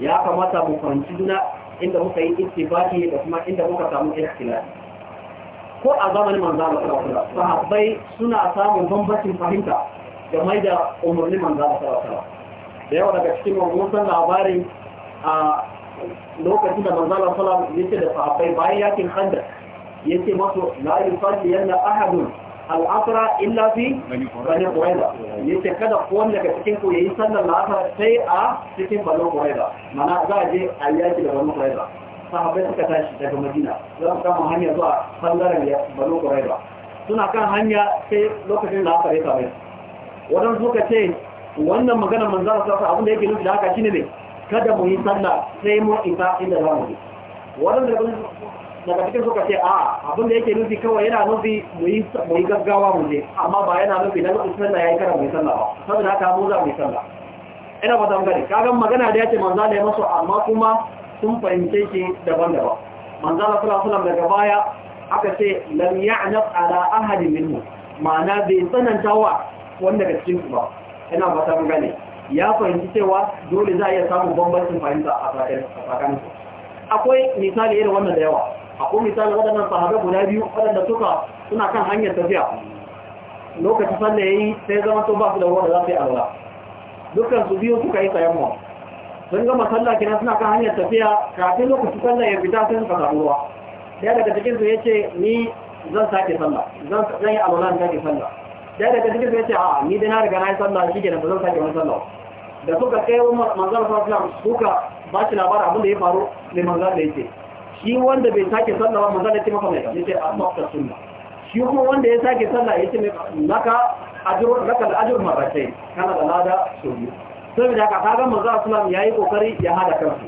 ya kamata mu fahimci juna inda muka yi ittifaqi da kuma inda muka samu ikhtilaf ko a zamanin manzo Allah sallallahu alaihi sahabbai suna samun bambancin fahimta game da umarnin manzo Allah sallallahu alaihi da yawa daga cikin rubutan labarin a lokacin da manzo Allah sallallahu alaihi wasallam yace da sahabbai bayan yakin Khandaq yake masu la yusalli yana ahadun al'asra illa fi bani quraiza yace kada kowanne daga cikin ku yayi sallar la'asar sai a cikin bani quraiza mana za a je a yaki da bani quraiza sahabbai suka tashi daga madina za su kama hanya zuwa bangaren bani quraiza suna kan hanya sai lokacin da aka rika mai wadan suka ce wannan magana manzara sa abin da yake nufi da haka shine ne kada mu yi sallah sai mu isa inda za mu je wadan da daga cikin suka ce a ah, abin da yake nufi kawai yana nufi mu yi gaggawa mu je amma ba yana nufi na nufi sallah ya yi kara mai sallah ba saboda haka mu za mu yi sallah ina ba zan gani kagan magana da ya ce manza da ya masu amma kuma sun fahimce shi daban-daban manza na sula daga baya aka ce lam ya'nab ala ahadin minhu ma'ana bai tsananta wa wanda ga cikin su ba ina ba zan gani ya fahimci cewa dole za a iya samun bambancin fahimta a tsakanin akwai misali irin wannan da yawa akwai misali waɗannan sahabai guda biyu waɗanda suka suna kan hanyar tafiya Lokaci sallah yi sai zama to ba su da ruwa da za su yi alwala dukkan su biyu suka yi tayammu sun gama sallah kina suna kan hanyar tafiya kafin lokaci sallah ya fita sun ka samu ruwa ɗaya daga cikin su ce ni zan sake sallah zan zan yi alwala da sake sallah ɗaya daga cikin su ce a ni dai na riga na yi sallah shikenan ba zan sake wani sallah da suka kai wa manzara sallallahu suka ba shi labarin abin da ya faru ne manzon da yake shi wanda bai sake sallah ba manzo ce maka mai a asbaqta sunna shi kuma wanda ya sake sallah ya ce maka ajru laka al kana da lada so biyu saboda haka kaga manzo sallam yayi kokari ya hada kansu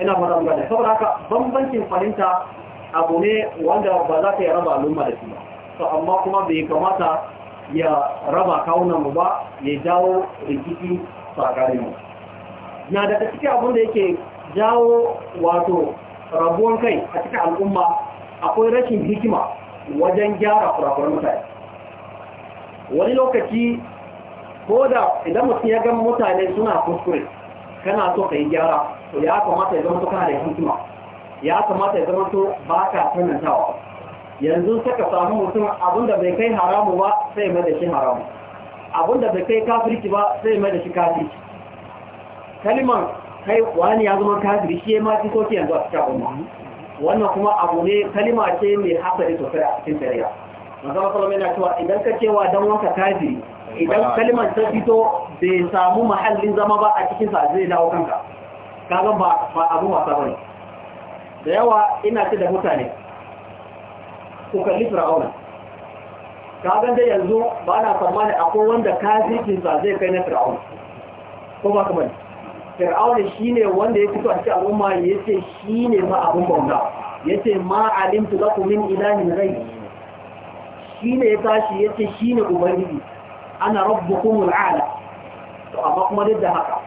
ina fara muka da saboda haka bambancin fahimta abu ne wanda ba za ka yi raba al'umma da shi ba to amma kuma bai kamata ya raba kawunan mu ba ya jawo rikici tsakanin mu na daga cikin abin da yake jawo wato rabuwan kai a cikin al'umma akwai rashin hikima wajen gyara kurakuran mutane wani lokaci ko da idan mutum ya gan mutane suna kuskure kana so ka yi gyara to ya kamata ya zama to kana da hikima ya kamata ya zama to ba ka sanantawa yanzu saka samu mutum abinda bai kai haramu ba sai mai da shi haramu abinda bai kai kafirki ba sai mai da shi kafirki Kaliman. kai wani ya zama kafiri shi ma fi soke yanzu a cikin al'umma wannan kuma abu ne kalima ce mai hasari sosai a cikin shari'a masana salama yana cewa idan ka cewa dan wanka kafiri idan kalimar ta fito bai samu mahallin zama ba a cikin sa zai dawo kanka ka ba ba abu wasa ne da yawa ina ce da mutane ku kalli fir'auna gan dai yanzu ba na tsammani akwai wanda kafircin sa zai kai na fir'auna ko ba kamar fir'auna ne wanda ya fito a cikin al'umma ya ce shi ne ma abin bauta ya ce ma alimtu lakum min ilahin rai shi ne ya tashi ya ce shi ne ubangiji ana rabbukumul ala to amma kuma duk da haka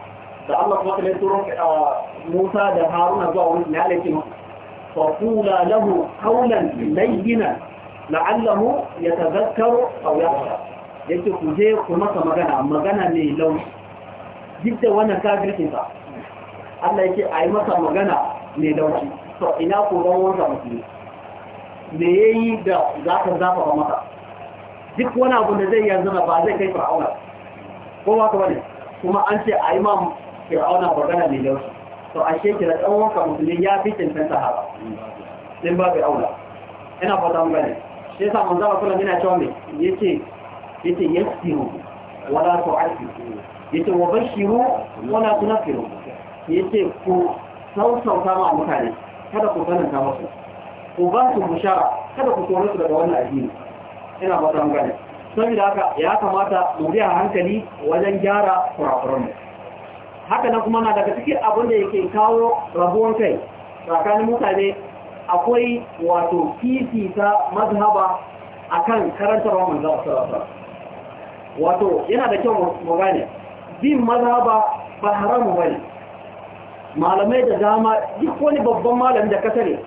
da Allah kuma kalai turo eh, Musa da Haruna zuwa wani ne alaihi fa qula lahu qawlan layyina la'allahu yatadhakkaru aw yakhsha yake ku je ku masa magana magana mai laushi duk da wannan kafirkin sa Allah yake a yi masa magana mai dauki. to ina ku ban wanda mutum me yi da za ka zafa ba maka duk wani abu da zai yanzu ba zai kai fir'auna ko ba ka kuma an ce a yi ma fir'auna magana mai dauki? to ashe da dan wanka mutum ya fi tantance haka din ba fir'auna ina fata mun gane shi yasa manzo Allah yana cewa me yace yace yasiru wala yace wa bashiru wa la tunfiru yace ku sausauta ma mutane kada ku sananta musu ku ba su bushara kada ku tsoro su daga wannan addini ina ba ta gane saboda haka ya kamata mu bi a hankali wajen gyara kurakuran mu haka nan kuma na daga cikin abin da yake kawo rabuwan kai tsakanin mutane akwai wato fifita mazhaba akan karantarwa manzo sallallahu alaihi wasallam wato yana da kyau mu gane bin maza ba haramu wani malamai da dama duk wani babban malami da kasare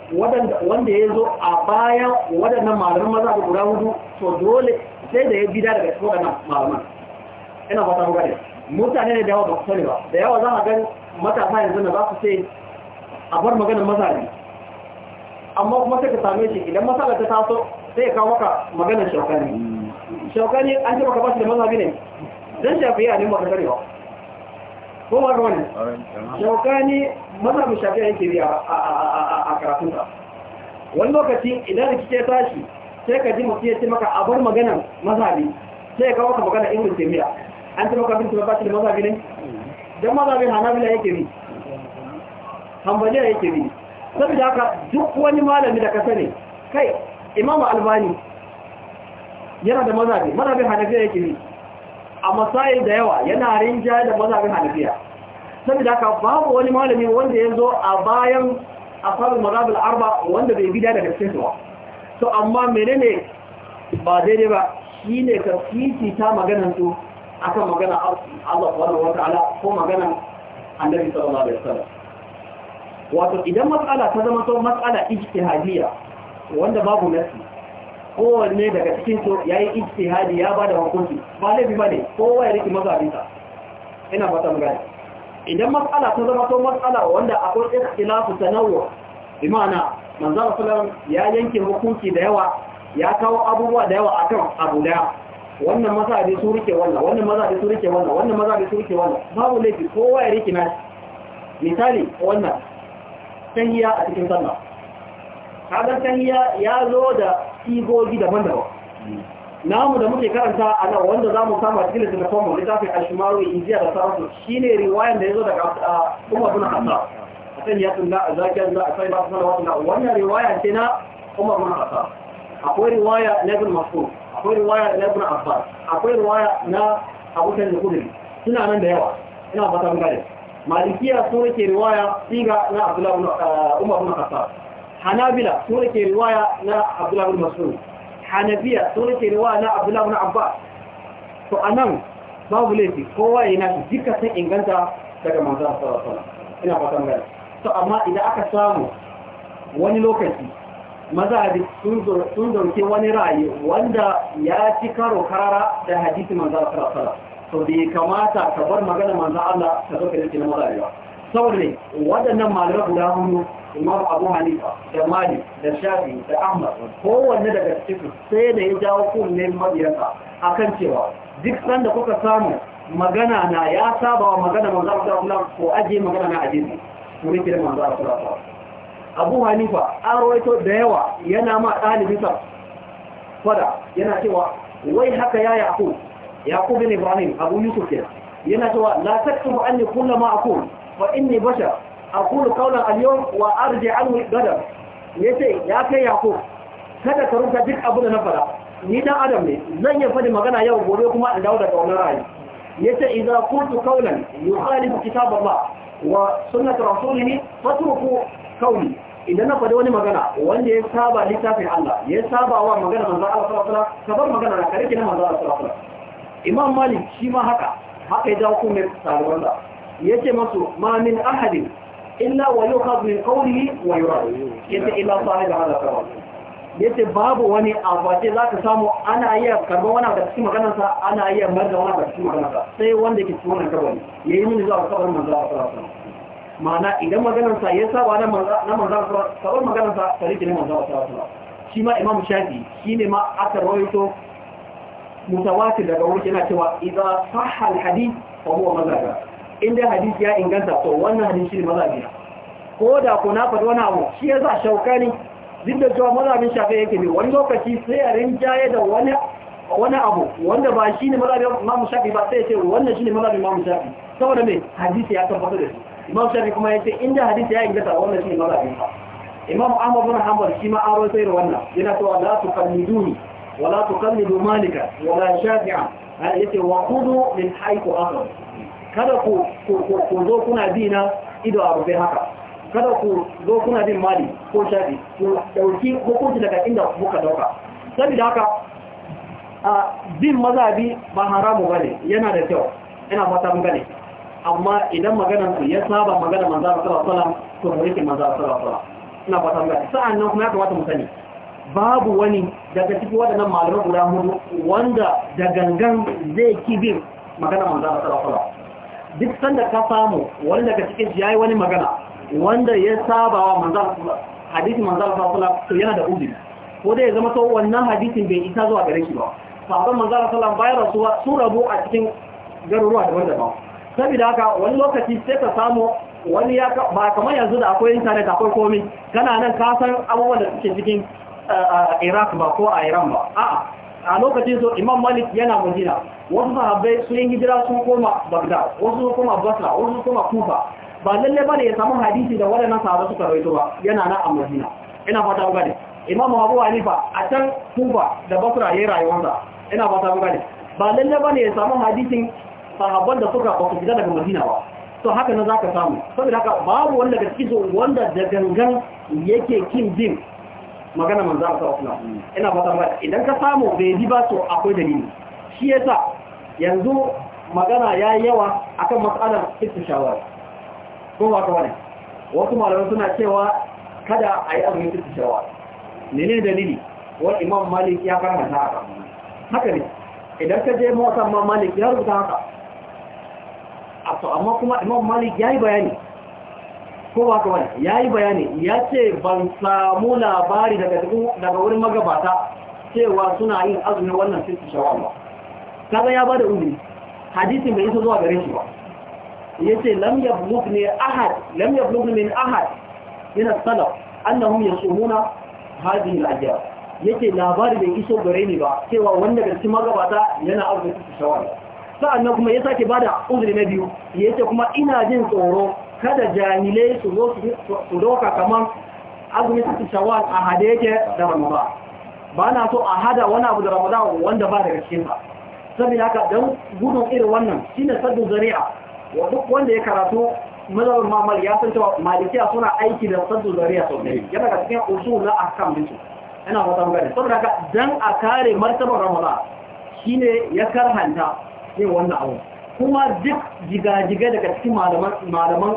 wanda ya zo a bayan waɗannan malaman mazhaba guda hudu to dole sai da ya gida daga cikin waɗannan malaman ina fata mu gane mutane ne da yawa ba ku sani ba da yawa za a gani matasa yanzu na za su sai a bar maganar ne amma kuma sai ka same shi idan masala ta taso sai ya kawo maka maganar shaukani hmm. shaukani an ce maka ba shi da maza ne dan shafiya ne masu karewa ko ba ga wannan shaukani mazhabin shafiya yake biya a karatunsa wani lokaci idan da kike tashi sai ka ji mutum ya ce maka a bar maganar mazhabi sai ya kawo ka magana ibn taymiya an ce maka bin tabbata da mazhabi ne dan mazhabin hanabila yake bi hanbaliya yake bi saboda haka duk wani malami da ka sani kai imamu albani yana da mazhabi mazhabin hanafiya yake bi a masail da yawa yana rinja da mazhabin hanafiya da haka babu wani malami wanda ya zo a bayan asalin mazhabul arba wanda bai bida daga cikin suwa to amma menene ba daidai ba Shi ne ka ta maganar su akan magana Allah wata ala, ko magana Annabi sallallahu alaihi wasallam wato idan matsala ta zama to matsala ijtihadiyya wanda babu nasi kowanne daga cikin to ya yi hadi ya ba da hankunci ba laifi ba ne kowa ya riki mazabinsa ina fata magana idan matsala ta zama to matsala wanda akwai ikhtilafu tanawwu bi ma'ana manzan sallallahu ya yanke hukunci da yawa ya kawo abubuwa da yawa a kan abu daya wannan mazhabi su rike wannan wannan mazhabi su rike wannan wannan mazhabi su rike wannan babu laifi kowa ya riki nashi misali wannan tahiya a cikin sallah kaga tahiya ya zo da sigogi daban-daban namu da muke karanta a nan wanda za mu samu a cikin littattafan mu littafin ashimaru injiya da sauransu shine riwayan da ya zo daga ah, umar bin khattab akan ya tunna a zakiyar da a sai ba su sanar na wannan riwaya ce na kuma bin khattab akwai riwaya na ibn mas'ud akwai riwaya na ibn abbas akwai riwaya na abu da kudri suna nan da yawa ina fata mun gane malikiya sun ke riwaya siga na abdullahi ah, umar bin khattab hanabila su ne ke riwaya na abdullahi mas'ud hanabiya su ne ke riwaya na abdullahi Abba to anan babu laifi kowa yana shi duka sun inganta daga manzo sallallahu alaihi ina fatan gani to amma idan aka samu wani lokaci maza sun dauke wani ra'ayi wanda ya ci karo karara da hadisi manzo sallallahu alaihi to da ya kamata ka bar magana manzo Allah ka zo ka dace na maza ba saboda waɗannan malamai guda hudu imam abu hanifa da mali da shafi da ahmad kowanne daga cikin sai da ya jawo kunne mabiyansa akan cewa duk sanda kuka samu magana na ya saba wa magana manzo Allah ko aje magana na ku ne kiran manzo Allah Abu Hanifa a rawaito da yawa yana ma sa fara yana cewa wai haka ya Yaqub Yaqub bin Ibrahim Abu Yusuf kenan yana cewa la taktubu anni kullama aqul fa inni bashar aqulu qawlan al-yawm wa arji gadan yace ya kai yakub kada ka rubuta duk abin da na fara ni dan adam ne zan yi fadi magana yau gobe kuma in dawo daga wannan ra'ayi yace idza qultu qawlan yukhalifu kitab Allah wa sunnat rasulih fatruku qawli idan na fadi wani magana wanda ya saba littafin Allah ya saba wa magana manzo Allah sallallahu alaihi wasallam kabar magana na kare kina manzo Allah sallallahu alaihi wasallam imam malik shi ma haka haka ya dawo kuma sahabban da yace masu ma min ahadin إلا ويؤخذ من قوله ويرد يتي إلا صاحب هذا babu wani abace za ka samu ana karba wani daga cikin maganarsa ana iya marda wani daga cikin maganarsa sai wanda ke cikin wannan karbar ya yi mini zuwa kabarin manzo a sarrafa ma'ana idan maganarsa ya saba na manzo a sarrafa kabar maganarsa tare da manzo a sarrafa shi ma imam shafi shi ne ma rawaito daga wuri yana cewa idza inda hadisi ya inganta to wannan hadisi ne mazhabi ko da ko na faɗi wani abu shi ya sa shaukani duk da cewa mazhabin shafi yake ne wani lokaci sai a rinjaye da wani wani abu wanda ba shi ne mazhabin mamu shafi ba sai ce wannan shi ne mazhabin mamu shafi saboda mai hadisi ya tabbatar da shi imam shafi kuma ya ce inda hadisi ya inganta wannan shi ne mazhabin sa imam ahmad bin hanbal shi ma an rawaito da wannan yana cewa la tuqalliduni wa la tuqallidu malika wa la shafi'a yace wa khudhu min haythu akhadha kada ku zo kuna bi na ido a rufe haka kada ku zo kuna bin mali ko shafi ku dauki hukunci daga inda muka dauka saboda haka a bin mazabi ba haramu bane yana da kyau yana fata mun amma idan maganar ku ya saba magana manzo sallallahu alaihi wasallam to mu rike manzo sallallahu alaihi wasallam ina fata mun sa'an nan kuma ya kamata mu sani babu wani daga cikin waɗannan malamai guda hudu wanda da gangan zai kibin magana manzo sallallahu alaihi wasallam duk sanda ka samu wani daga cikin shi wani magana wanda ya saba wa manzal hadisi manzal sallallahu wasallam yana da uzuri ko dai ya zama to wannan hadisin bai isa zuwa gare shi ba sabon manzal sallallahu bayan rasuwa su rabu a cikin garuruwa daban-daban saboda haka wani lokaci sai ka samu wani ya ba kamar yanzu da akwai intanet akwai komai kana nan ka san abubuwan da suke cikin eh, eh, Iraq ba ko a Iran ba a'a a lokacin so imam malik yana madina wasu sahabbai sun yi hijira sun koma bagdad wasu sun koma basra wasu sun koma kufa ba lalle bane ya samu hadisi da waɗannan sahabbai suka rawaito ba yana na a madina ina fata ku gane imam abu hanifa a can kufa da basra yi rayuwarsa ina fata ku gane ba lalle bane ya samu hadisin sahabban da suka ba su fita daga madina ba to haka na ka samu saboda haka babu wanda gaskiya wanda da gangan yake kin din magana manzo a na ina fata ba idan ka samu bai yi ba to akwai dalili shi yasa yanzu magana ya yi yawa akan matsalar shawara ko ba ka wani wasu malamai suna cewa kada a yi abin ne ne dalili wani imam malik ya karanta haka haka ne idan ka je mawasan ma malik ya rubuta haka amma kuma imam malik ya yi bayani ko ba kawai ya yi bayani ya ce ban samu labari daga wurin magabata cewa suna yin azumin wannan sirri shawar ba kaga ya ba da umri hadisin bai iso zuwa gare shi ba ya ce lamya ya ne ahad lam ya bluk ahad yana salaf annahum hajji na al Ya ce labari bai iso gare ni ba cewa wanda gaske magabata yana azumin sirri shawar sa'annan kuma ya sake bada uzuri na biyu Ya ce kuma ina jin tsoro kada jahilai su doka kamar azumi su shawar a hada yake da ramada ba na so a hada wani abu da ramadan wanda ba daga cikin ba saboda haka dan gudun irin wannan shine saddu zari'a wa duk wanda ya karatu mazhabin mamal ya san cewa malikiya suna aiki da saddu zari'a sosai yana daga cikin usul na ahkam din su ina fata mun gane haka dan a kare martabar ramadan shine ya karhanta yin wannan abu kuma duk jigajiga daga cikin malaman malaman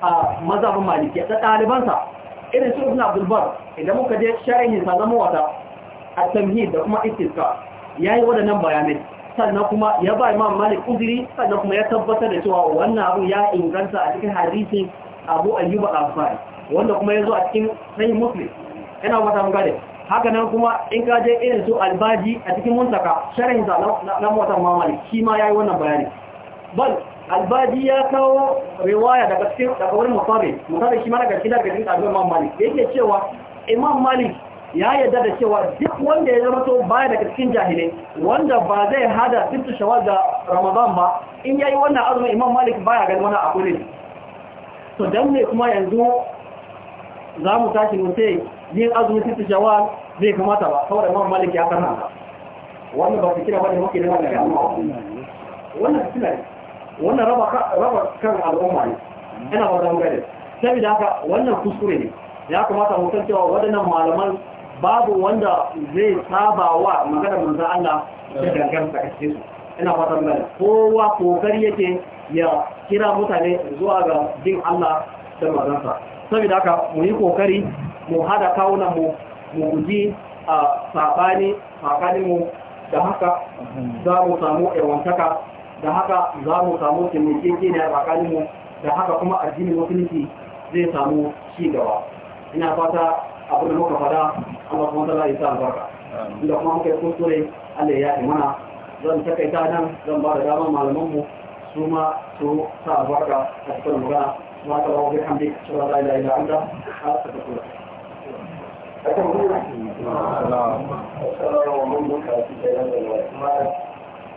a mazabin maliki da ɗalibansa irin su ibn bar idan muka je sharhin sa zama wata a tamhid da kuma istiska ya yi waɗannan bayanai sannan kuma ya ba imam malik uzuri sannan kuma ya tabbatar da cewa wannan abu ya inganta a cikin hadisi abu ayyuba al-ansari wanda kuma ya zo a cikin sahih muslim yana mata mun gade haka nan kuma in ka je irin su albaji a cikin muntaka sharhin sa na mawatan mamali shi ma yayi wannan bayani bal albadi ya kawo riwaya daga cikin daga wurin mutabi mutabi shi mana gaskiya daga cikin ɗalibin imam malik yake cewa imam malik ya yarda da cewa duk wanda ya zama to baya daga cikin jahilai wanda ba zai hada sittu shawar da ramadan ba in ya yi wannan azumin imam malik baya ganin wani a ne to dan ne kuma yanzu za mu tashi mu sai yin azumin sittu shawar zai kamata ba saboda imam malik ya karna wannan ba su kira bane muke nan da wannan wannan suna ne wannan raba kan al'umma ne yana ba don gane saboda haka wannan kuskure ne ya kamata mu san cewa waɗannan malaman babu wanda zai saba wa maganar manzon Allah da dangantaka cikin su ina fatan gane kowa kokari yake ya kira mutane zuwa ga bin Allah da manzansa saboda haka mu yi kokari mu hada kawunan mu mu guji a ah, sabani mu da haka za mu samu yawantaka da haka za mu samu taimakeke ne a tsakaninmu da haka kuma addinin musulunci zai samu shi gaba ina fata abu da muka fada Allah kuma tala isa albarka inda kuma muka yi kuskure Allah ya mana zan takaita nan zan ba da damar malamanmu su ma su sa albarka a cikin magana ma ta ba wani hamdi su ba za a yi da ta tafi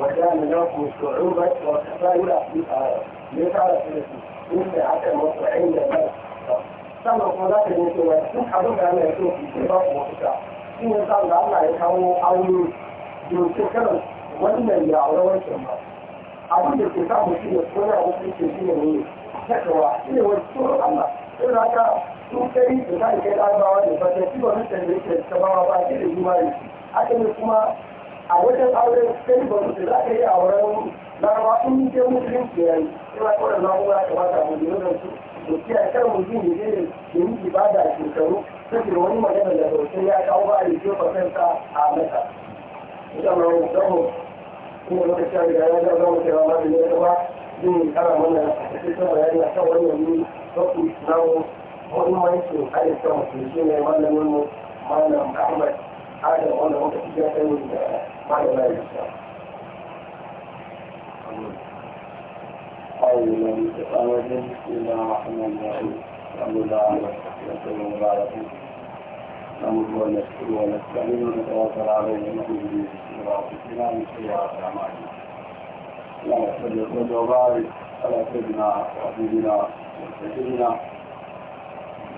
وكان لهم صعوبة وتفايلة في الآية ليس على ثلاثين إن عشر مصرعين لبس sama kuma za ta yi cewa duk abin da ana yato ke ba ku mafita shi ne sa ya kawo aure domin karan wannan ya aure wancan ba abin da ke sa mutum ya tsora wasu ke shi ne ne takawa shi ne wani tsoron Allah sai za ka sun kai da za ka kai larabawa ne ba ta ba mutane da ke tabawa ba ke da yi ma ne aka ne kuma a wajen auren sai ba su za ka yi auren larawa in ke musulunci ya yi ina kawai za mu ya kamata mu yi wajen su mu kiyaye kar mu jin yaje da yin ibada a shekaru saboda wani magana da bautai ya kawo ba a yi jefa ta a mata. Ita ma wani samu kuma lokacin da ya ga za mu kira ma da ya gaba zai kara mana cikin bayani a kan wannan ne wasu islamu muhimmancin halittar musulunci ne malamin mu malam Ahmad Adam wanda muka fi gasanin da قال لا يشاء قولا بقول الى رحمن الرحيم صلى الله عليه وسلم وبارك نمد ونشكر ونستعين ونتواصل عليه ونعوذ به من شرور من سيئات اعمالنا اللهم صل وسلم وبارك على سيدنا وحبيبنا وسيدنا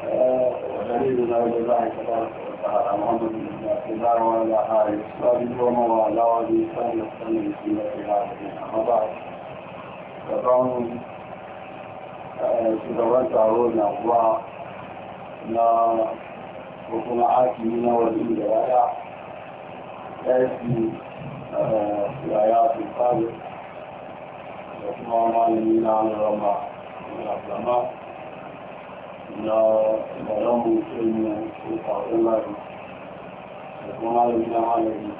ودليلنا لله تبارك وتعالى محمد بن عبد الله وعلى اله وصحبه ومن والاه وبإحسان وسلم بسنته الى اما بعد فقام shugaban taro na kuwa na kuma akimi na wajen da yaya ɗarfi yaya su kare da kuma malami na rama na rama na bayan mutum ne ko kwaɗin lari da kuma da gina malari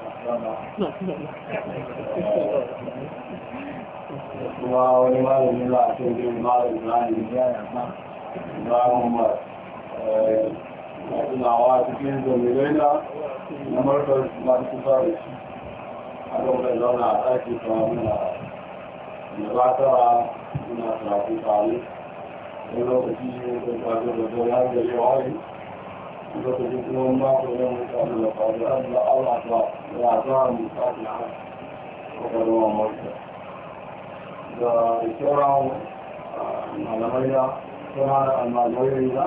da kuma wani malami za a cikin gina malari na ne ba mu ba na tunawa cikin zamirai na na markar masu kusa da shi a ɗaukar zauna a ɗaki kamar muna da muna karatu tare lokacin shi ne da faru da dola da shawari lokacin kuma mako ne mu samu da faru an da Allah ta ya za mu sake a kwakwalwa mota da sauran malamai na suna da almajirai na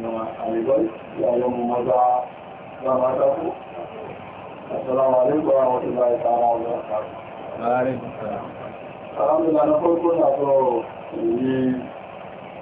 na alibai yayin mu maza za ma ta ku assalamu alaikum wa rahmatullahi ta'ala wa barakatuh alhamdulillah na farko na so yi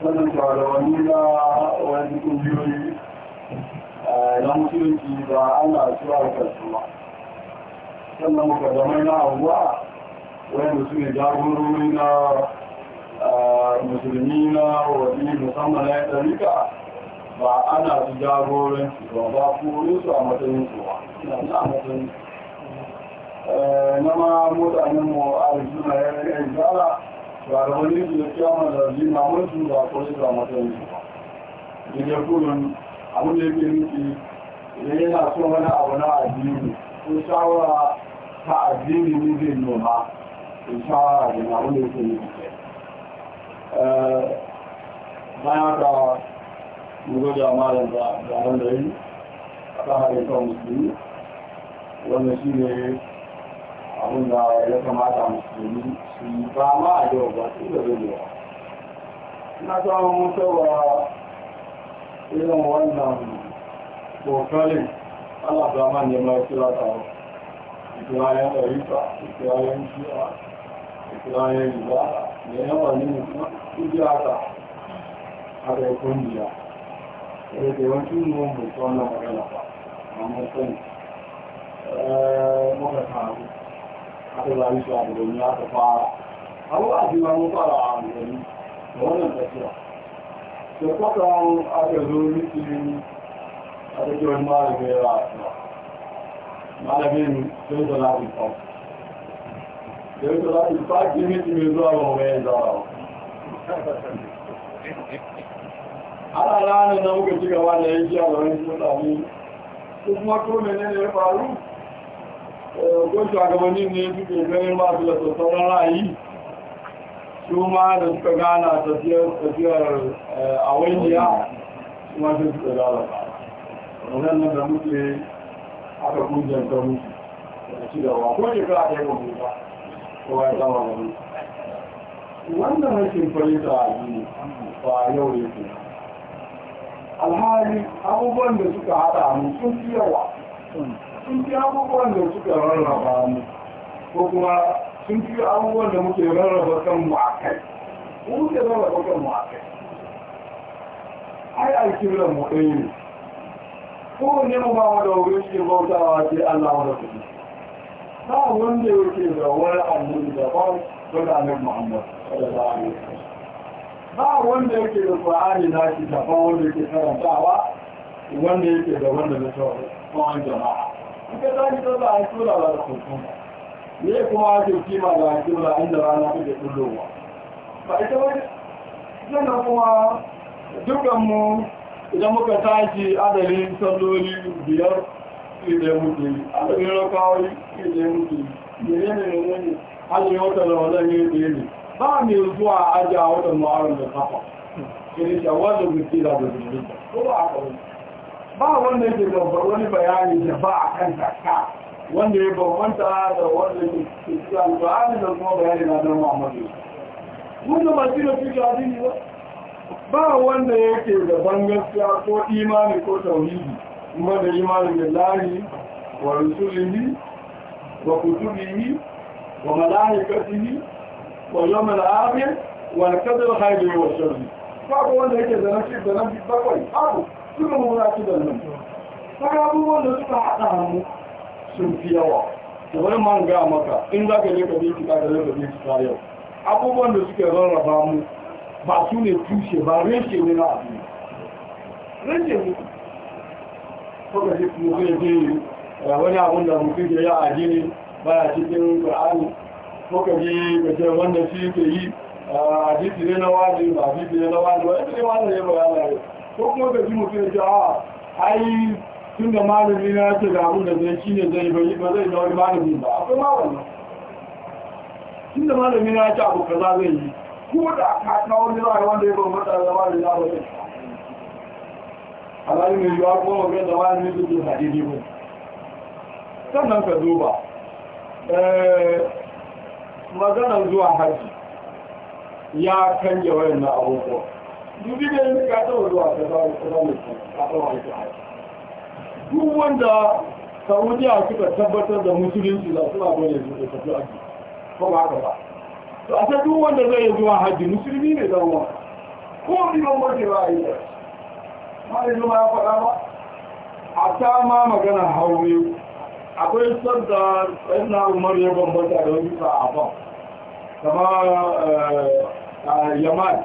sannan shawarwani na wani ƙungiyoyi na musulunci ba ana cewa da ba sannan mukadamai na abuwa su ne jagorori na musulmi na musamman ba ana su jagoranci ba ba a matsayin su ba na matsayin mu a zara Ìgbàgbọ́n ní ìlú ne abin da ya kamata musulmi su yi ba ma a yau ba su da zai yawa na samun mutuwa irin wannan kokarin Allah ba ma nema ya kira ta wa ikirayen ɗarika ikirayen shi'a ikirayen riba eh, da yawa ne na kujiyata a da ya kungiya da ke yawancin mun bai na magana ba amma sani eh, muka taru aka rayu shi a gudunmi aka fara abu a jima mun fara a gudunmi da wannan tafiya da kuma aka zo rikin a tafiyar malamin ya rasuwa malamin sai da lafi fam da da lafi fam ki miti mai zuwa ba mai zawa ana ranar na muka ci gaba da yanki a garin mutane kuma to menene ya faru ko shugabannin ne suke ganin ba su da sosauran ra'ayi su ma da suka gana tafiyar eh, a wainiya su ma sai suka wannan da muke aka kungiyar ta mutu da ci da wa ko yi ba ko a biyu yau ne ke alhali abubuwan da suka hada mu sun fiye wa. sun fi abubuwan da suka rarraba mu ko kuma sun fi abubuwan da muke rarraba kanmu a kai ko muke rarraba kanmu a kai ai alkiblan mu ɗaya ne Ko kowanne mu ba mu da wuri shi bautawa ce Allah wa rasul ba wanda yake da wani annabi da ba da annabi Muhammad sallallahu alaihi wasallam ba wanda yake da Qur'ani na shi da ba wanda yake karantawa wanda yake da wanda na tsawon jama'a in ka zani sallah an tura ba da kuku ne kuma ake kima da an tura inda rana kuke kullowa ba ita ba sannan kuma dukanmu idan muka tashi adalin salloli biyar adalin rakawai ile muke ne ne ne ne hajji wata da wadda ne ne ne ba mai zuwa ajiya watan ma'arin da kafa ke ne shawar a ba wanda yake da wani bayani da ba a kan taka wanda ya bambanta da wanda ke cikin bayani da kuma bayani na don muhammadu wanda ba shi da cikin adini ba ba wanda yake da bangaskiya ko imani ko tauhidi kuma da imanin da lari wa rusulihi wa kutubihi wa malaikatihi wa yawmal akhir wa kadar khayri wa sharri ba wanda yake da nashi da nashi bakwai babu. suka mura su da nan kaga abubuwan da suka haɗa hannu sun fi yawa da wani man gaya maka in za ka je ka bincika ka je ka bincika yau abubuwan da suke rarraba mu ba su ne tushe ba reshe ne na abu reshe ne kuka ji mutum ya je wani abun da mutum k'e yi a jini baya cikin ƙur'ani kuka ji ka ce wanda shi ke yi a jiki ne na wani ba jiki ne na wani wani ne wani ne ba yana yau ko kuma ka ji mutum ya ce a ah, ai tun da malami na yake da abin da zai shi ne zai bai ba zai zaurin malami ba akwai malami tun da malami na yake abu kaza zai yi ko da ka kawo ni wanda ya bambata da malami na ba zai alayi mai yiwuwa ko mafi da malami su ke hadidi ba sannan ka duba eh, maganar zuwa hajji ya canja wayan na abubuwa gidan ka taɓa zuwa ta zama a tsawon duk wanda saudiya suka tabbatar da musulunci za su suna gole su da tafi aji ko ba haka ba to a duk wanda zai yi zuwa hajji musulmi ne zama wa ko ni ban wace ba a yi da ma da zuma ya faɗa ba a ta ma magana haure akwai sanda tsayin umar ya bambanta da wani sa'afan kama eh, eh, yamal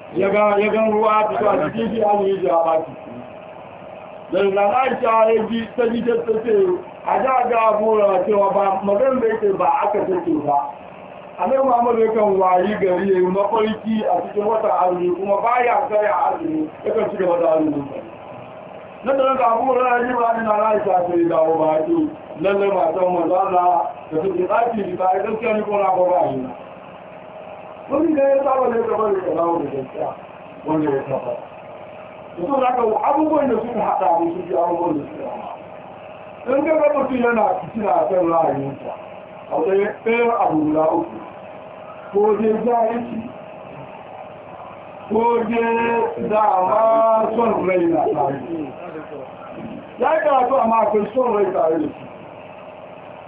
ya gan ruwa fito a cikin shi an yi jawa baki daga na ta ya ji ta ji ta ta ce a da ga abuwa cewa ba magan da yake ba aka take ba a nan mamar ya kan wayi gari ya yi mafarki a cikin wata azumi kuma ba ya tsaya azumi ya kan ci gaba da azumi na da daga abuwa na ji ba ni na na ta ce dawo ba ki lalle matan manzala da su ke tsaki ba ya gaskiya ni ko na ba ba ni wani da ya saba ne da wani da rawo da gaskiya wanda ya saba da so zaka abubuwan da suka hada mu su ji abubuwan da suka hada in ga mutum yana fitina a kan ra'ayinsa a wajen ɗaya abu guda uku ko dai jahilci ko dai dama son rai na tare ya yi karatu amma akwai son rai tare da shi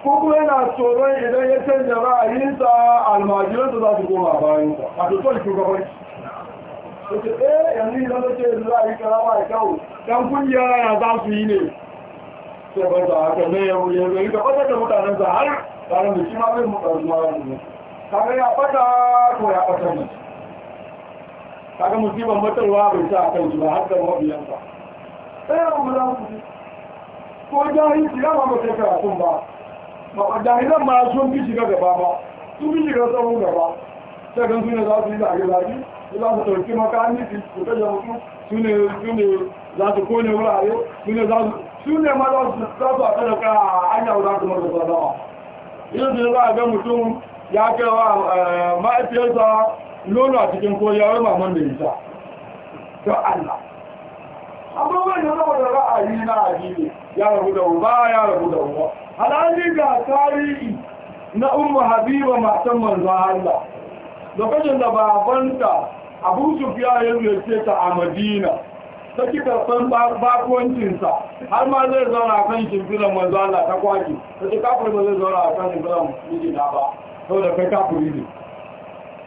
kuma yana tsoron idan ya canza ra'ayinsa su za su koma bayansa a tutar shugabanci ce eh, ɗaya yanzu idan da ce za a yi karama a kyau Dan kungiya yana za su yi ne sai ba za a ne, ya wuce zai ga fatar da mutanensa har tare da shi ma zai mutanensu ma wani ne kaga ya fata ko ya fata ne kaga musibar matarwa bai sa a kan shi ba har da mabiyansa ɗaya ba mu za su ko jahilci ya ba mutum karatun ba jahilan ma sun fi shiga gaba ba sun fi shiga tsawon gaba sai gan sune za su yi zage-zage su za su ɗauki makaniki su kashe mutu su ne za su kone wurare su ne za su su ne ma za su a kada ka hanya wuta kamar da sadawa Ina su za a ga mutum ya kai wa eh, ma'afiyarsa nono a cikin koya wai maman da isa don allah amma da zama da ra'ayi na addini ya rabu da uba ya rabu da uba alhali ga tarihi na umma habiba matan manzo Allah lokacin da babanta abu sufiya ya ziyarce ta a madina ta ki karɓar bakoncinsa har ma zai zauna a kan shimfinan manzo Allah ta kwaki ta ce ba zai zauna a kan shimfinan mijina ba sau da kai kafin ne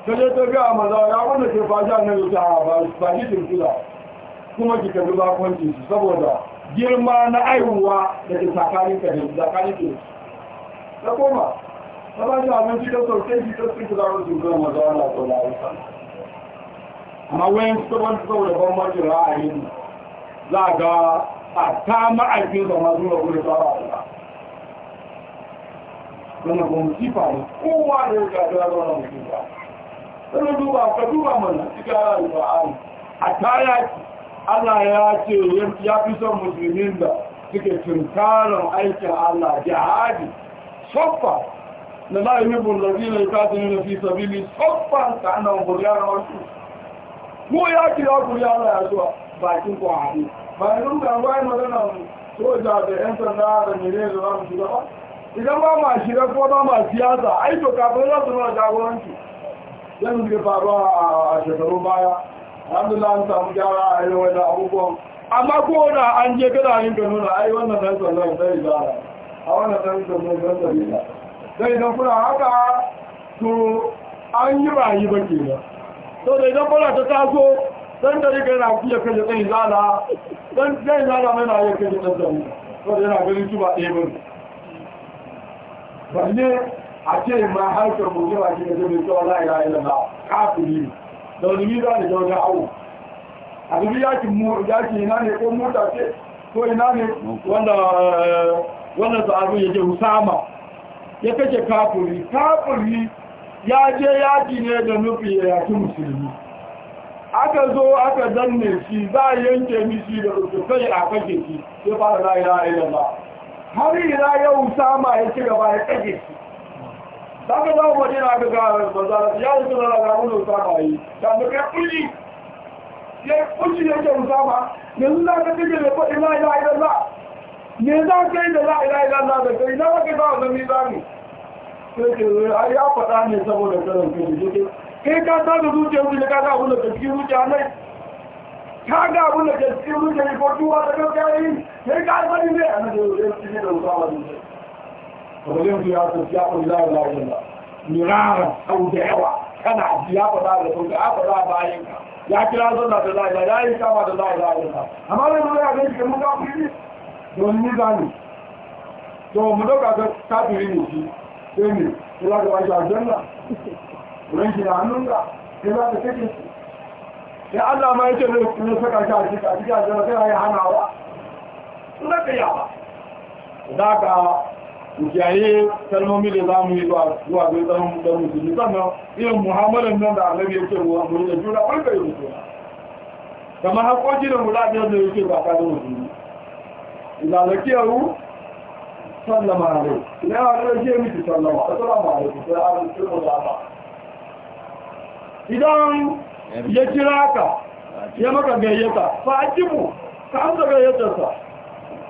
ta je ta ga manzo ya wanda ke faja na yau ta ba shi shimfila kuma ki karɓi bakoncinsu saboda girma na aiwuwa da ke tsakanin da tsakanin ke ta koma ta ba shi abinci ta sauke shi ta suke su a tsola wuta amma wayan su ban su saboda ban mace ra'ayin za a ga a ta ma'aikin da ma zuwa gudu ta ba a wani ne kowa da ya gaji ya zama musifa sannan duba ka duba mana Allah ya ce ya fi son musulmin da suke tunkarar aikin Allah jihadi soffa na la yi bin lalzina ya kasu ne fi sabili soffa ta ana buriyar wasu ko ya ce ya kuri Allah ya zuwa bakin kwahari ba ya rumta bayan magana soja da yan sanda da mene da za mu shiga ba idan ba ma shiga ko ba ma siyasa ai kafin za su nuna jagoranci yanzu ke faruwa a shekaru baya alhamdulillah an samu gyara a yi wani abubuwan amma ko da an je kada yin ka nuna ai wannan dan zai zara a wannan dan zai zara dai idan kuna haka to an yi rayu ba ke ba to da idan bala ta taso dan da rika yana fiye kaje zai zara dan zai zara mai na yake da tsari to da yana ganin su ba ɗaya ba balle a ce ma harkar mutum a cikin zai zai tsawon la'ira ilama kafin yi da wani mizani da wani awo a dubi yakin yaki ina ne ko mota ce ko ina ne wanda eh, wannan sa'adun yake husama ya kace kafuri kafuri ya je yaki ne da nufi ya yaki musulmi aka zo aka danne shi za a yanke mishi da rufe kai a kake shi ya fara la'ira a ba har ila yau sama ya ci gaba ya kake shi daga za mu waje na ga manzara ya wuce na raga mun usama yi da mu kai ya kulli ne ke usama yanzu za ka tike da faɗi la ilaha illallah me za ka yi da la ilaha illallah da kai na kake ba wannan mizani sai ke ai ya faɗa ne saboda karin kai kai ka ta da zuciya wuce ka ga abin da kake zuciya nai ka ga abin da kake zuciya ko tuwa da kai kai ka sani ne da ya ce da usama ne wajen ku ya ku ya ku la la la mirara au da yawa kana ya fada da kun ka fada bayan ka ya kira sunna da la ya yi kama da la la la amma ne mun ya gani mu ka ku don ni gani to mu doka ka kafiri ne shi sai ne kula da bashi aljanna wurin shi da hannunka sai za ka kake sai Allah ma yake ne kuma saka ka shi ka ji aljanna sai hana wa in ka yawa za ka kiyaye kalmomi da za mu yi zuwa zai tsaron da musulmi sannan irin muhammadin nan da annabi ya ce wa mu da juna barka yi mutum kamar haƙoƙi da mula da yadda yake ba ka da musulmi idan da kiyaru sallama ne ina ya wani rage miki sallama assalamu alaikum sai an tsirma da ba idan ya kira ka ya maka gayyata fa ajibu ka amsa gayyatarsa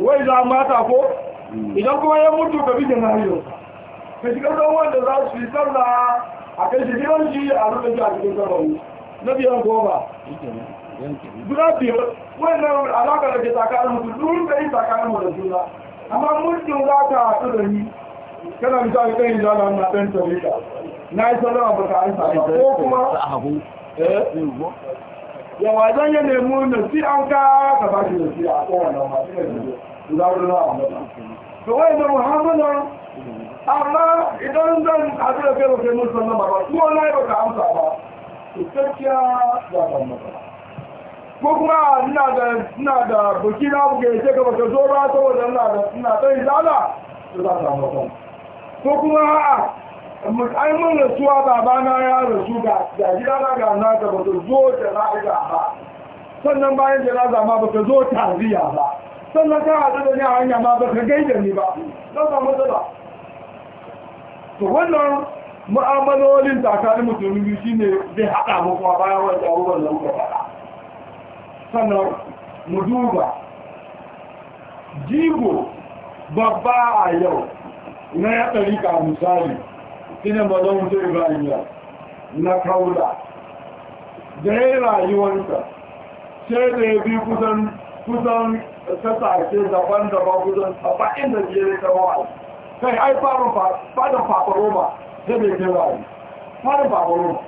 wai za mata ko idan kuma ya mutu ka bi janayo ka shiga don wanda za su yi sallah a kai shi gidan shi a rufe shi a cikin sarrafu na biyan goma guda biyar wannan alaƙa da ke tsakanin mutu duk da yi tsakanin mu da juna amma mutum za ta haɗu da ni kana misali kan yi zana na ɗan tafiya na yi sallama ba ka aisa ba ko kuma yawa zan ya nemo nasi'an an ka ba shi nasi'a a kowane na ambata muhammadu amma idan zan haɗu da kai ba kai musu ba su wallahi ba ka amsa ba to gaskiya za ta mata ko kuma ina da ina da buki na buke ce ka baka zo ba saboda ina da ina ta izala to za ka mata ko kuma ai mun rasuwa babana ya rasu ga gida na ga na ga bata zo jana'iza ba sannan bayan jana'iza ma bata zo taziya ba sannan ka haɗu da ni a hanya ma baka gaida ni ba don samu ba. to wannan mu'amalolin tsakanin mutum biyu ne zai haɗa muku a bayan wanda abubuwan da muka faɗa sannan mu duba jigo babba a yau na ya ɗari ka misali shine mazan wuce ibrahimiyya na kaula da ya yi rayuwarsa sai da ya bi kusan kusan kasashe daban-daban kusan saba'in da biyar ta wa'ai kai ai fadin fafaroma zai bai kai wa'ai fadin fafaroma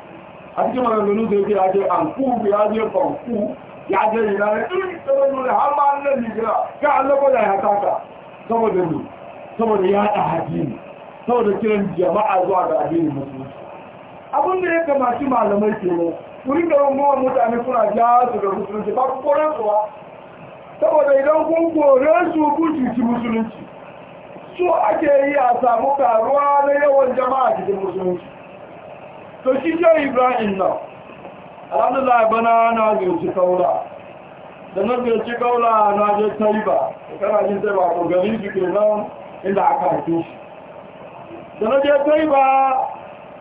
a cikin maganganu zai yake ake anku ya je fanku ya je ina ne ɗin tsaron nuna har ma an nan nigira ga allaba da ya taka saboda ne saboda ya ɗa haji ne saboda kiran jama'a zuwa ga addinin musulunci abin da ya kamaci malamai ke ne wurin da rumawa mutane kuna ja su ga musulunci ba ku koran suwa saboda idan kun kore su kun cuci musulunci su ake yi a samu karuwa na yawan jama'a cikin musulunci to shi jan ibrahim na. alhamdulillah bana na zirci kaula da na zirci kaula na je taiba kana jin taiba ko garin jikin nan inda aka haife shi da na je kai ba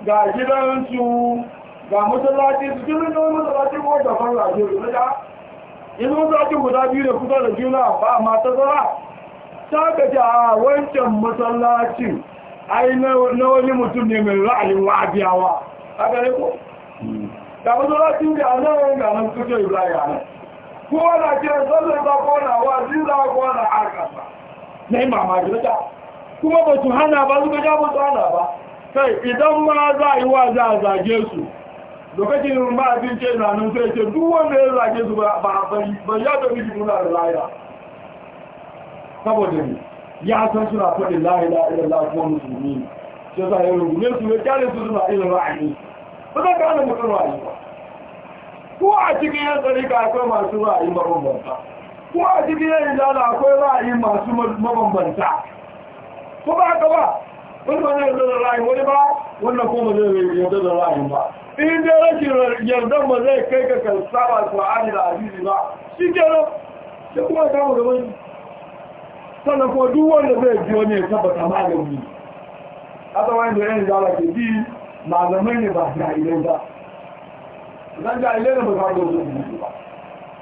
ga gidansu ga masallaci su jirin don masallaci ko da fara a na da yanzu masallaci guda biyu da kusa da juna ba ma ta zara ta gaji a wancan masallacin ai na wani mutum ne mai ra'ayin wa'abiyawa a gare ko da masallacin da a nan ga nan kusa yi a nan kowa na kiran sallar zakona wa zira kwana a ba. na yi mamaki ta. kuma ba su hana ba suka ja ba su hana ba kai idan ma za a yi wa za a zage su lokacin ba abin ce na nan sai ce duk wanda ya zage su ba a bari ba ya tafi shi muna da laya saboda ne ya san suna faɗin layi la'ilar lafiyar musulmi ne sai za a yi rungume su ne kyale su suna irin ra'ayi ba za ka hana mutum ra'ayi ba ko a cikin yan ka akwai masu ra'ayi mabambanta ko a cikin yan izala akwai ra'ayi masu mabambanta ko ba haka ba wani ba zai da ra'ayin wani ba wannan kuma zai yarda da ra'ayin ba in dai rashin yardan ba zai kai ka kan saba alƙur'ani da azizi ba shi kenan sai kuma ta mu gaban sannan kuma duk wanda zai ji wani ya tabbata malami a tsawon da yan zala ke bi malamai ne ba jahilai ba zan jahilai ne ba za ga zuwa ba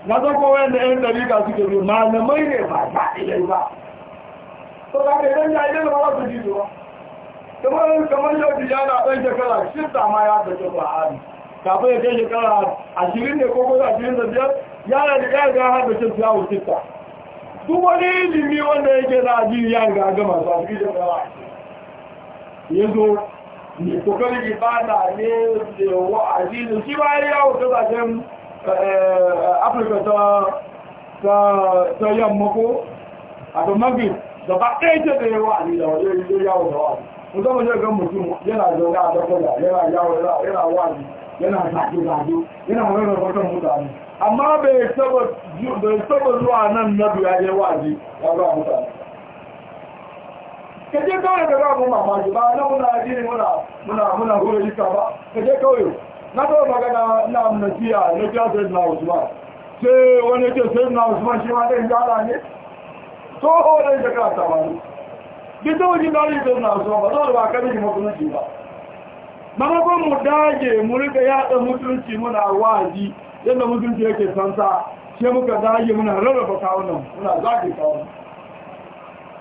na san kowa yadda yan dalika suke bi malamai ne ba jahilai ba ka idan ya idan kafin ya kai shekara ashirin ne ko ashirin da biyar ga wani ilimi wanda yake da ajiyi ya ga gama su a cikin shekara ya zo ne ibada ne da shi ba ya eh, Afirka ta ta a gaba ɗaya ce da yawa ne da wajen yi yawo da wani musamman zai gan mutum yana zaune a dakwada yana yawo yana wani yana zaje-zaje yana rarraba kwatan mutane amma bai saba zuwa nan na duya ya waje ya zuwa mutane kaje kawai da zaɓin mamaki ba na muna ajini muna muna hura jika ba kaje kawai na kawai magana na amnasiya na kiyasar na usman sai wani ke sai na usman shi ma ɗin gada ne tsohon ɗan ka saba ne duk da wajen dare da na so ba zo ba kan mutunci ba mamakon mu dage mu rika yada mutunci muna wazi yadda mutunci yake sansa sai muka dage muna rarraba kawunan muna zage kawunan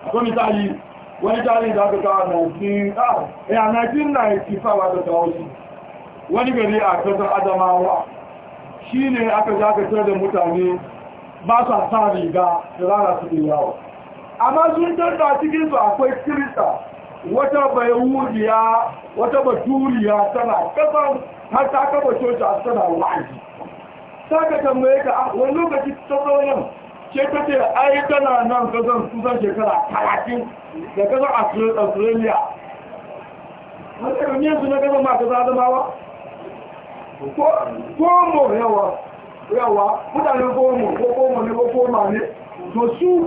akwai misali wani tarihi da aka kawo na ya 1995 da kawo shi wani gari a kasar adamawa shi ne aka zagatar da mutane ba sa sa riga da rana su yawo amma sun tarda cikin su akwai kirista wata bayawudiya wata baturiya tana kasa. har ta kafa coci a tana wa'azi ka tambaye ka a ah, wani lokaci ta zaunan ce ta ce ai tana nan kasan kusan shekara talatin da kasan australia wani ɗan yanzu na kasan ma kasa adamawa komo yawa yawa mutanen komo ko komo ne ko koma ne to su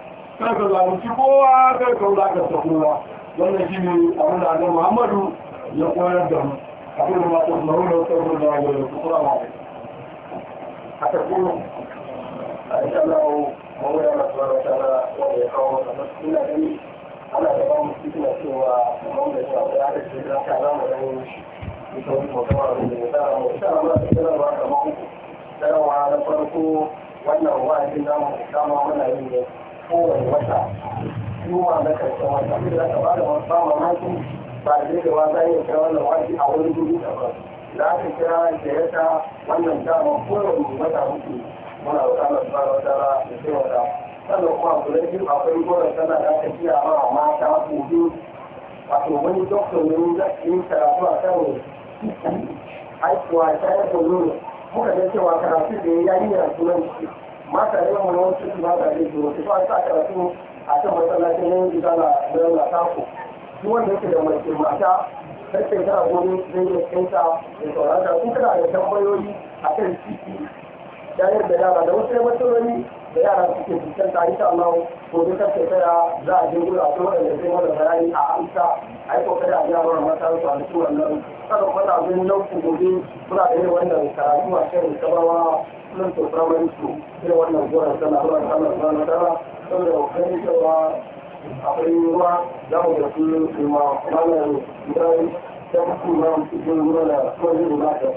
sai ka zalunci kowa kai ka kowa wannan shi ne abin da annabi muhammadu ya koyar da mu abin da masu mahimmanci wasu da yi kusura ma a tafiya a insha Allah mawuya na tsara tsara wanda ya kawo kamar suna gani ana da ba mu suna cewa kamar da ya da ya ce za ka zama da yin shi ita kawo mutum a da ya tsara mu insha Allah da kira ba kamar uku tsarawa na farko wannan wa'azin namu dama muna yin ne kowane wata juma na karshen wata duk da ka ba da masu mamaki ba da da wata yin kira wannan wani a wani dubu daban da aka kira da ya ta wannan dama kowane wata mutu muna wata na tsara wata da sai wata sannan kuma ku na biyu akwai goron tana da aka kira ma mata hudu wato wani doktor ne za ka yi karatu a kan haihuwa ta yi muka ga cewa karatu da ya yi a sunan shi mata yawan wani wasu ba da ne zuwa su fara karatu a kan masallacin nan gida na bayan na tako duk wanda yake da mace mata sai kai tara gobe zai yi kinta da saurata kun kana da tambayoyi a kan titi da yadda yara da wasu matsaloli da yara da suke fuskanta insha Allah gobe kan za a je gura ko da bayani a amsa a yi kokari a gyara wannan su a cikin wannan kada da gobe kuna da wannan karatu a cikin sabawa nan to primary school irin wannan gora sana Allah subhanahu wa ta'ala saboda kai cewa akwai ruwa za mu su kuma kuma cikin gura da kuma zai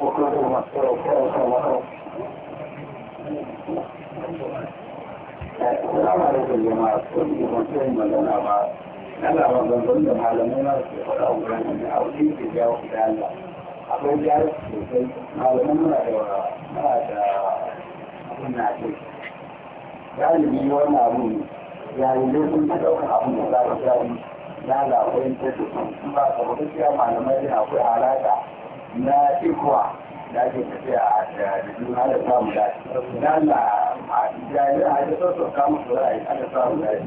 ba ta da Thank you. Allah ya ce ma ko ni ko sai magana ba Allah ba ban da malamai na su fara wurin da auki ke ga da Allah akwai da su sai malamai na da ba da abin na ce dalili wannan abin ya yi da sun ta dauka abin da za ka gani na da akwai ta su ba ka gaskiya malamai ne akwai alaka na ikwa da ake a da juna da samu dace. Dan na a jami'a da sassan kamun su ra'ayi ana samu dace.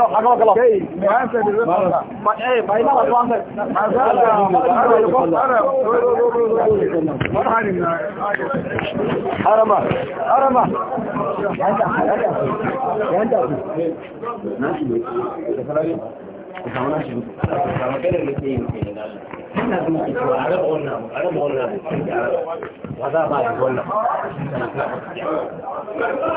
حقك الله ما انت ايه ما يلا ما انت ما زال حرمه حرمه يا انت يا انت ماشي ماشي